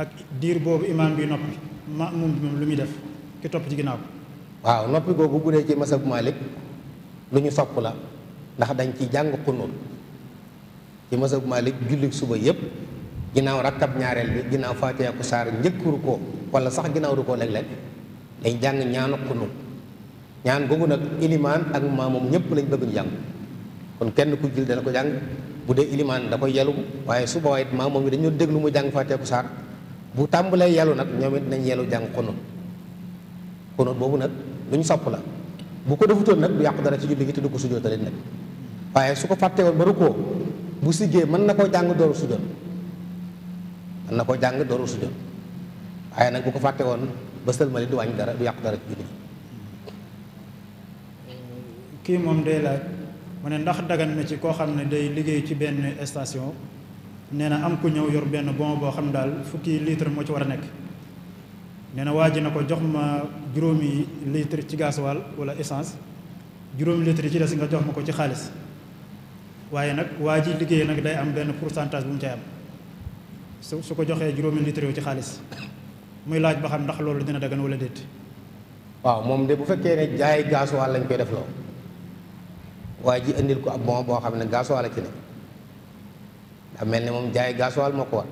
ak diir boobu imaam bi noppi maamum bi moom lu muy def ki topp ci ginnaaw waaw noppi googu bu dee ci masab Malik lu ñu sopp la ndax dañ ci jàng xunóot ci masab Malik julli suba yépp ginnaaw rakkab ñaareel bi ginnaaw faatiha ku saar njëkk rukkoo wala sax ginnaaw rukkoo léeg-léeg dañ jàng ñaanu xunut ñaan googu nag ilimaan ak maamoom ñëpp lañ bëgg ñu jàng kon kenn ku jil dana ko jàng bu dee ilimaan da koy yelu waaye su waaye it maamoom yi dañoo déglu mu jàng faatiha ku bu tàmbalee yelu nag ñoom nañ yelu jàng xunut xunut boobu nag lu ñu sopp la bu ko defutoon nag du yàqu dara ci julli gi te du ko sujjóotaleen nag waaye su ko fàttewoon ba rukkoo bu siggee mën na koo jàng dooru man na ko jang do rusu jot ay nak ko fàtte woon ba sëlmali du wàññi dara du yak dara ci julli kii day la mané ndax dagan na ci ko xamné day liggéey ci ben station néna na am ko ñew yor ben bon bo xam dal fukki litre mo ci wara nek néna waji nako jox ma juróomi litre ci gasoil wala essence juróomi litre ci dess nga jox mako ko ci xaliss waye nak waji liggéey nak day am ben pourcentage bu mu ci am su su ko joxee juróomi litre ci xaalis muy laaj ba xam ndax loolu dina dagan wala déet. waaw moom de bu fekkee ne jaay gaasuwaal lañ koy def loo waaye ji indil ko ab bon boo xam ne gaasuwaal a ci ne mel ne moom jaay gaasuwaal moo ko war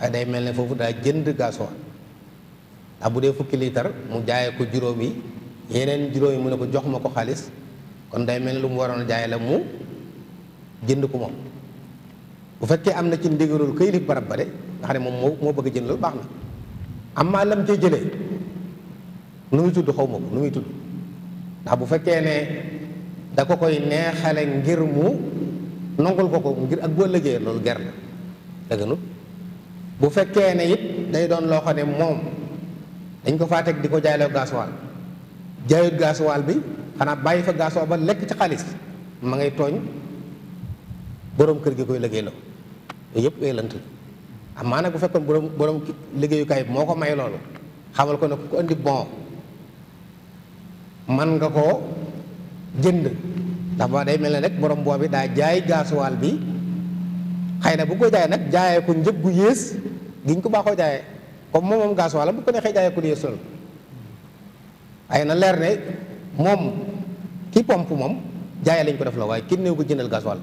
waaye day mel ne foofu daa jënd gaasuwaal ndax bu dee fukki liitar mu jaayee ko juróomi yeneen juróom yi mu ne ko jox ma ko xaalis kon day mel ne lu mu waroon a jaay la mu jënd ko moom. bu fekkee am na ci ndigalul këyilif barab ba de nga ne moom moo moo bëgg jën jënd loolu baax na amma lam cay jële nu muy tudd xaw ma ko nu muy tudd ndax bu fekkee ne da ko koy neexale ngir mu nongul ko ko ngir ak boo liggéey loolu ger na dëgganut bu fekkee ne it day doon loo xam ne moom dañ ko faa teg di ko jaayloo gasoil jaayut gasoil bi xanaa bàyyi fa gasoil ba lekk ci xaalis ma ngay tooñ boroom kër gi koy liggéeyloo la yëpp wéy lant amaa nag bu fekkoon borom borom liggéeyukaay bi moo ko may loolu xamal ko ne ku ko indi bon man nga koo jënd ndax ba day mel ne rek borom boo bi daa jaay gaasuwaal bi xëy na bu ko jaay nag jaayee ko njëg gu giñ ko baaxoo jaayee comme moom moom gaasuwaal bu ko neexee jaayee ko yées loolu waaye na leer ne moom ki pomp moom jaayee lañ ko def la waaye ki néew ko jëndal gaasuwaal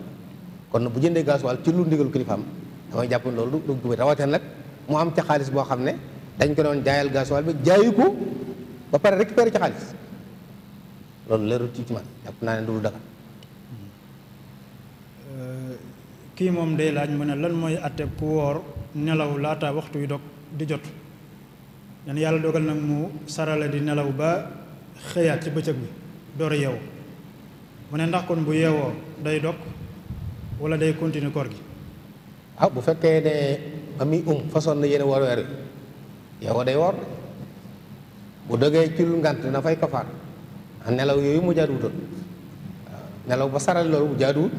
kon bu gas wal ci lu ndigal kilifaam dama japp ne lu du jubé rawatina mu am ci xaalis bo xam ne dañ ko don jaayal wal bi jaayi ko ba pare récupéré ci xaalis loolu leeru ci ci man japp na ne du lu dagal euh, ki mom day laaj mu ne lan moy atte ku wor nelaw laata waxtu dok di jot dan yalla dogal nak mu sarale di nelaw ba xeyat ci bëccëg bi door a yeewu mu ne ndax kon bu yewoo day dog wala day continuer koor gi. ah bu fekkee ne ba muy um façon na yéen war weer wi yow day woor bu dëggee ci lu ngant na fay kafaar ah, nelaw yooyu mu jaaduwutoon ah, nelaw ba saral loolu bu jaaduwut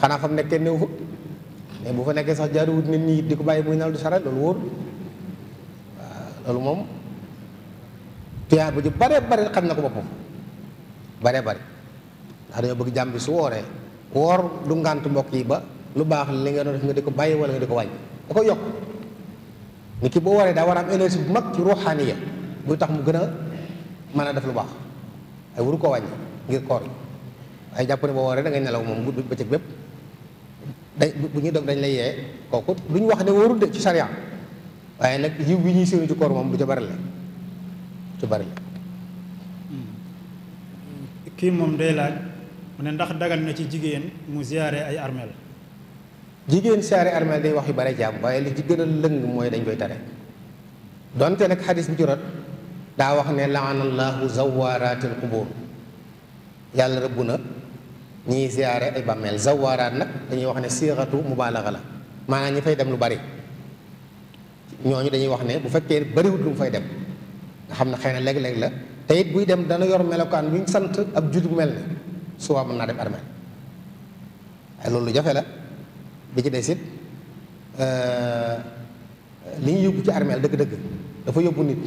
xanaa fam nekkee néew fa mais bu fa nekkee sax jaaduwut nit ñi di ko bàyyi muy nelaw di saral loolu wóor ah, loolu moom tiyaar bu ji bare bare xam na ko bopp bare bare ndax dañoo bëgg jàmm su wooree woor du ngànt mbokk yi ba lu baax li nga doon nga di ko bàyyi wala nga di ko wàññi da ko yokk nit ki boo waree daa war a am bu mag ci ruuxaaniya bu tax mu gën a mën a def lu baax ay waru ko wàññi ngir koor yi waaye jàpp boo waree da ngay nelaw moom bu bëccëg bépp dañ bu ñuy dog dañ lay yee kooku ñu wax ne warul de ci sariya waaye nag yiw bi ñuy séenu ci koor moom du ca bari la du ca bari la hmm. kii moom day laaj mu ne ndax dagal na ci jigéen mu ziyaare ay armeel jigéen siyaare armeel day wax yu bare jàmm waaye li ci gën a lëng mooy dañ koy tare donte nag xadis bi ci rot daa wax ne laanallaahu zawaaraatil qubur yàlla rëbb na ñiy ziyaare ay bàmmeel zawaaraat nag dañuy wax ne siixatu mubaalaxa la maanaam ñi fay dem lu bari ñooñu dañuy wax ne bu fekkee bariwut lu mu fay dem nga xam ne xëy na léeg-léeg la te buy dem dana yor melokaan yuñ sant ab jullit suba mën naa dem armée loolu lu jafe la bi ci des it euh, li ñu yóbbu ci armée dëgg-dëgg dafa yóbbu nit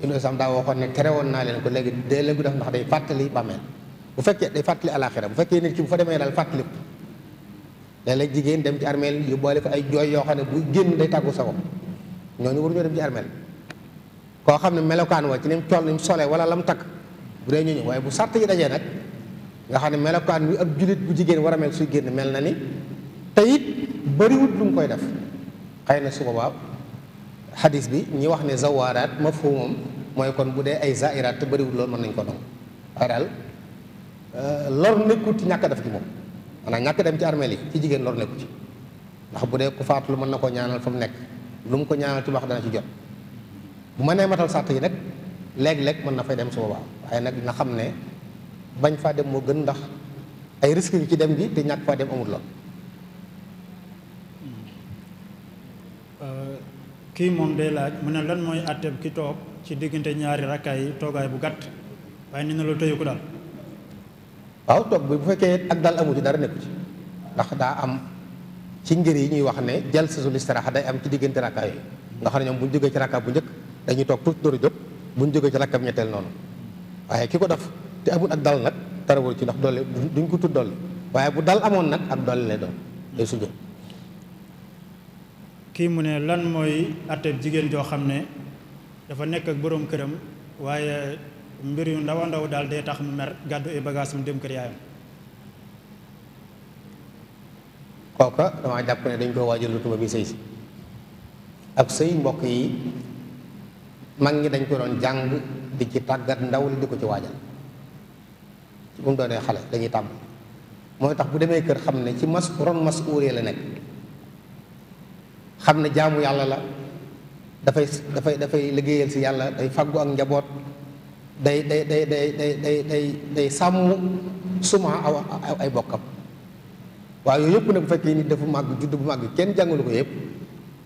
indi sam daa waxoon ne tere woon naa leen ko léegi dee leen ko def ndax day fàttali bàmmeel bu fekkee day fàttali alaaxira bu fekkee nit ki bu fa demee daal fàttali de léeg jigéen dem ci armeel yóbbaale fa ay jooy yoo xam ne bu génn day tàggu sa bopp ñooñu waruñoo dem ci armeel koo xam ne melokaan wa ci ni mu toll mu solee wala la mu takk bu dee ñooñu waaye bu sàrt yi dajee nag nga xam ne melokaan bi ak jullit bu jigéen war a mel suy génn mel na ni te it bëriwut lu mu koy def xëy na su boobaa xadis bi ñi wax ne zawaaraat mafhumam mooy kon bu dee ay zairaat te bëriwut loolu mën nañ ko dong waaye daal euh, lor nekkut ci ñàkk def ci moom maanaam ñàkk dem ci armeel yi jigéen lor nekku ci bu dee ku faatu mën na koo ñaanal fa mu nekk lu ko ñaanal wax dana ci jot bu ma nee matal sàtt yi nag léeg lekk mën na fay dem su boobaa waaye nag nga xam ne bañ faa dem moo gën ndax ay risques yu ci dem bi te ñàkk faa dem amul la euh, kii moom day laaj mu ne lan mooy àtteeb ki toog ci diggante ñaari rakkaay yi toogaay bu gàtt waaye ni na loolu tëyu ko daal waaw toog bi bu fekkee ak daal amu ci dara nekku ci ndax daa am ci ngir yi ñuy wax ne jal jalsatul istiraaxa day am ci diggante rakkaay yi nga xam ne ñoom bu ñu jógee ci rakkaay bu njëkk dañuy toog tuuti dóoru jóg bu ñu jógee ci rakkaay bu ñetteel noonu waaye ki ko te amul ak dal nag dara wóor ci ndax dolli duñ ko tudd dolli waaye bu dal amoon nag ak dolli nay doon day sujjóot kii mu ne lan mooy atteb jigéen joo xam ne dafa nekk ak boroom këram waaye mbir yu ndaw a ndaw daal day tax mu mer gàddu ay bagages mu dem kër yaayam kooka damaa jàpp ne dañ koo waajal lu tuba bi sëy si ak sëy mbokk yi mag ñi dañ ko doon jàng di ci tàggat ndaw li di ko ci waajal bu mu doonee xale dañuy tàmm mooy tax bu demee kër xam ne ci mas ron mas uuree la nekk xam ne jaamu yàlla la dafay dafay dafay liggéeyal si yàlla day fàggu ak njaboot day day day day day day day sàmm suma aw ay bokkam waaye yooyu yëpp nag bu fekkee nit dafa màgg judd bu màgg kenn jàngalu ko yëpp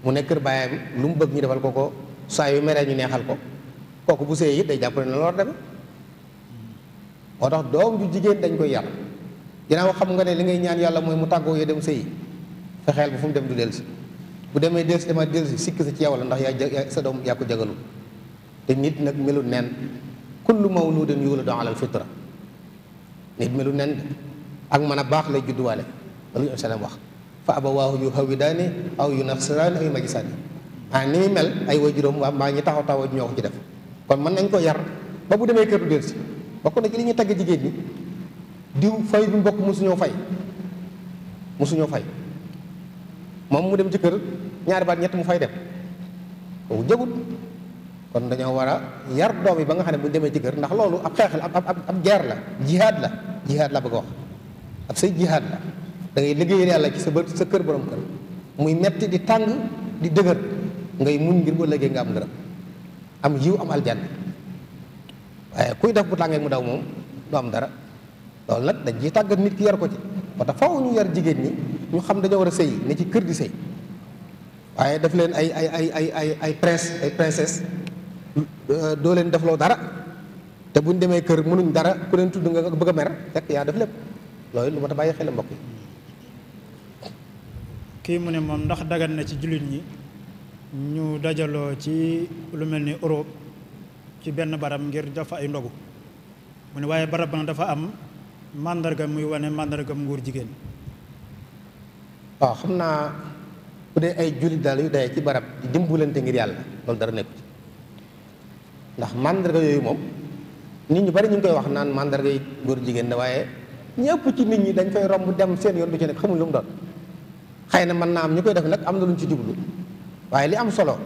mu nekk kër baayam lu mu bëgg ñu defal ko ko saa yu meree ñu neexal ko kooku bu sëyee it day jàpp ne la war deme motax dong doom ju jigéen dañ koy yar wax xam nga ne li ngay ñaan yalla moy mu taggo ye ya dem fa xel bu fu dem du ci bu demee ya dama del ci sa ci yow la ndax ya sa doom ya ko jagalu te nit nak melu nen kullu mawludin yuladu ala al fitra nit melu nen ak mana bax lay judduwaale loolu ñu wax fa abawahu yuhawidani aw yu ay aw ani mel ay wajurum waa ngi taxaw taw ñoko ci def kon man nañ ko yar ba bu demé keur du ci bokk na ci li ñuy tagg jigéen ñi diw fay bi mbokk mosuñoo fay mosuñoo fay mom mu dem ci kër ñaar baat ñett mu fay dem kooku jëgut kon dañoo wara yar doomi ba nga xam bu demé ci kër ndax loolu ab xexal ab ab ab guerre la jihad la jihad la bëgg wax ab say jihad la da ngay liggéeyal yalla ci sa bët sa kër borom kër muy metti di tang di dëgër ngay muñ ngir bo ëllëgee nga am dara am yiw am aljanna ay eh, kuy def bu tangé mu daw mom do am dara lol nak dañ ci tàggat nit ki yar ko ci parce que faw ñu yar jigeen ñi ñu xam dañu wara sey ne ci kër di sey waye daf leen ay ay ay ay ay ay prince ay princesse euh, do leen lo dara te buñ démé kër mënuñ dara ku leen tuddu nga bëgg mer tek ya def lepp loolu lu mata baye xel mbokk ki mu ne mom ndax dagan na ci julit ñi ñu dajalo ci lu melni Europe ci benn barab ngir dafa ay ndogu mu ne waaye barab nag dafa am mandarga muy wane mandarga nguur jigéen waaw xam naa bu dee ay julit daal yu dayee ci barab di dimbulante ngir yàlla loolu dara nekku ci ndax mandarga yooyu moom nit ñu bari ñu ngi koy wax naan mandarga yi góor jigéen da waaye ñëpp ci nit ñi dañ koy romb dem seen yoon du ci nekk xamul lu mu doon xëy na am ñu koy def nag am luñ ci jublu waaye li am solo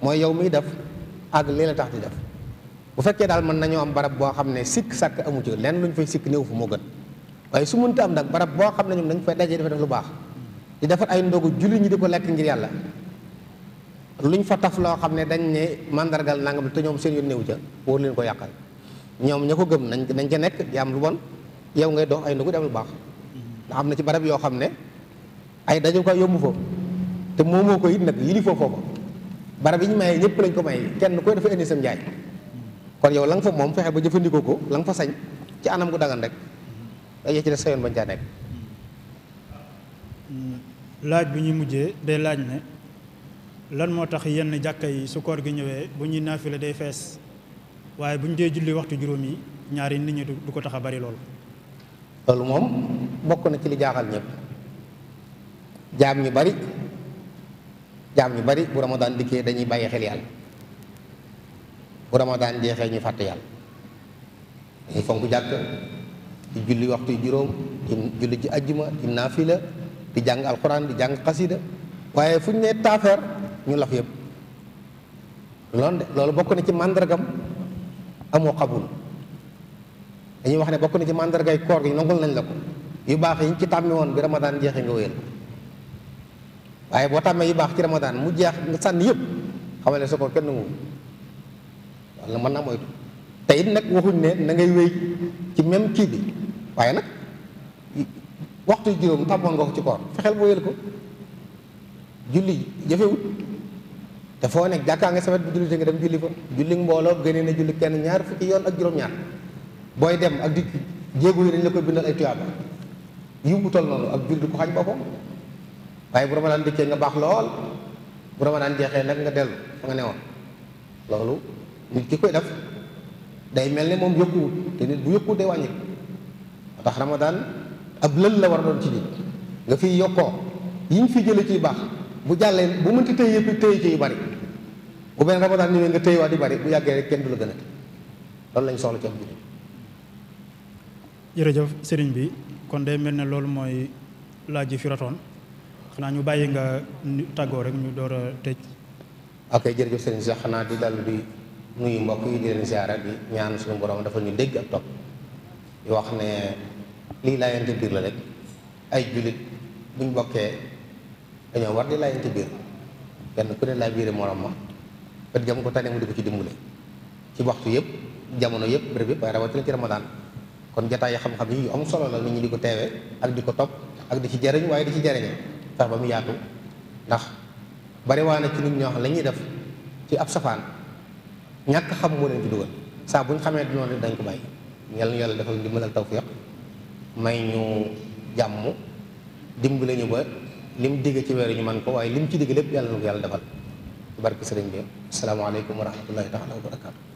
mooy yow miy def ak lii tax di def bu fekkee daal mën nañoo am barab boo xam ne sikk sàkk amu ci lenn luñ fay sikk néew fu moo gën waaye su mënta am nag barab boo xam ne ñoom dañ fay dajee def lu baax di defar ay ndogu julli ñi di ko lekk ngir yàlla luñ fa taf loo xam ne dañ ne mandargal nangam te ñoom seen yoon néew ca wóor leen ko yàqal ñoom ña ko gëm nañ nañ ca nekk di am lu bon yow ngay dox ay ndogu di lu baax ndax am na ci barab yoo xam ne ay dañu ko yomb fa te moomoo ko it nag yilifoo foofa barab yi ñu maye ñëpp lañ ko may kenn koy dafa indi sam njaay kon yow la nga fa moom fexe ba jëfandikoo ko la nga fa sañ ci anam gu dagan rek ay yéen ci des mm, laaj bi ñuy mujjee day laaj ne lan moo tax yenn jàkka yi su koor gi ñëwee bu ñuy naafile day fees waaye bu ñu dee julli waxtu juróom yi ñaari nit ñi du ko tax a bari lool. loolu moom bokk na ci li jaaxal ñëpp jaam ñu bari jaam ñu bari bu ramadaan dikkee dañuy bàyyi xel yàlla. bu ramadan jeexee ñu fàtte yàlla dañuy fonk jàkk di julli waxtu juróom di julli ci ajjuma di nafila di jàng alquran di jang xasida waaye fu ñu nee taafeer ñu laf yëpp loolu de loolu bokk na ci màndargam amoo xabul dañuy wax ne bokk na ci màndargay koor gi nangul nañ la ko yu baax yi ci tàmmi woon bi ramadaan jeexee nga wéyal waaye boo tàmmee yu baax ci ramadan mu jeex nga sànni yeb xamal ne ko kenn nanguwul wala mën naa moytu te it nag waxuñ ne na wéy ci même kii bi waaye nag waxtu juróom tàmmoon nga ko ci koor fexeel boo yël ko julli jafewut te foo nekk jàkkaa nga sawet bu julli te nga dem julli fa julli mbooloo gënee na julli kenn ñaar fukki yoon ak juróom-ñaar booy dem ak di jéego yi dañ la koy bindal ay tuyaaba yiw bu toll noonu ak julli ko xañ boppam waaye bu ramadaan dikkee nga baax lool bu ramadaan jeexee nag nga dellu fa nga newoon loolu nit ki koy def day mel ni moom yokkuwut te nit bu yokkuwut day wàññi moo tax ramadaan ab lël la war a doon ci nit nga fiy yokkoo ñu fi jële ciy baax bu jàllee bu mënti tëy yëpp tëy ci yu bari bu benn ramadaan ñëwee nga tëy di bari bu yàggee rek kenn du la gën a loolu lañ soxla ci jërëjëf sëriñ bi kon day mel ni loolu mooy laaj yi fi ratoon xanaa ñu bàyyi nga tàggoo rek ñu door a tëj ok jërëjëf sëriñ sax xanaa di dal di nuyu mbokk yi di leen ziara bi ñaan suñu borom dafa ñu dégg ak topp di wax ne lii laayante biir la rek ay julit buñ bokkee dañoo war di laayante biir kenn ku ne laa biire morom ma pët kan jam ko tane mu di ko ci dimbale ci waxtu yëpp jamono yëpp béréb yëpp waaye rawatina ci ramadan kon jataay ya xam-xam yi yu am solo la nit ñi di ko ak di ko topp ak di ci jariñ waaye di ci jariñe sax ba mu yaatu ndax bari waa na ci nit ñoo xam la ñuy def ci ab safaan ñàkk xam moo leen ci dugal saa bu ñu xamee noonu dañ ko bàyyi yàlla yàlla defal ndimbal ak tawfiq may ñu jàmm dimbale ñu ba lim digg ci weer ñu man ko waaye lim ci digg lépp yàlla na ko yàlla defal barke sëriñ bi asalaamaaleykum wa rahmatullahi taala wa barakaatu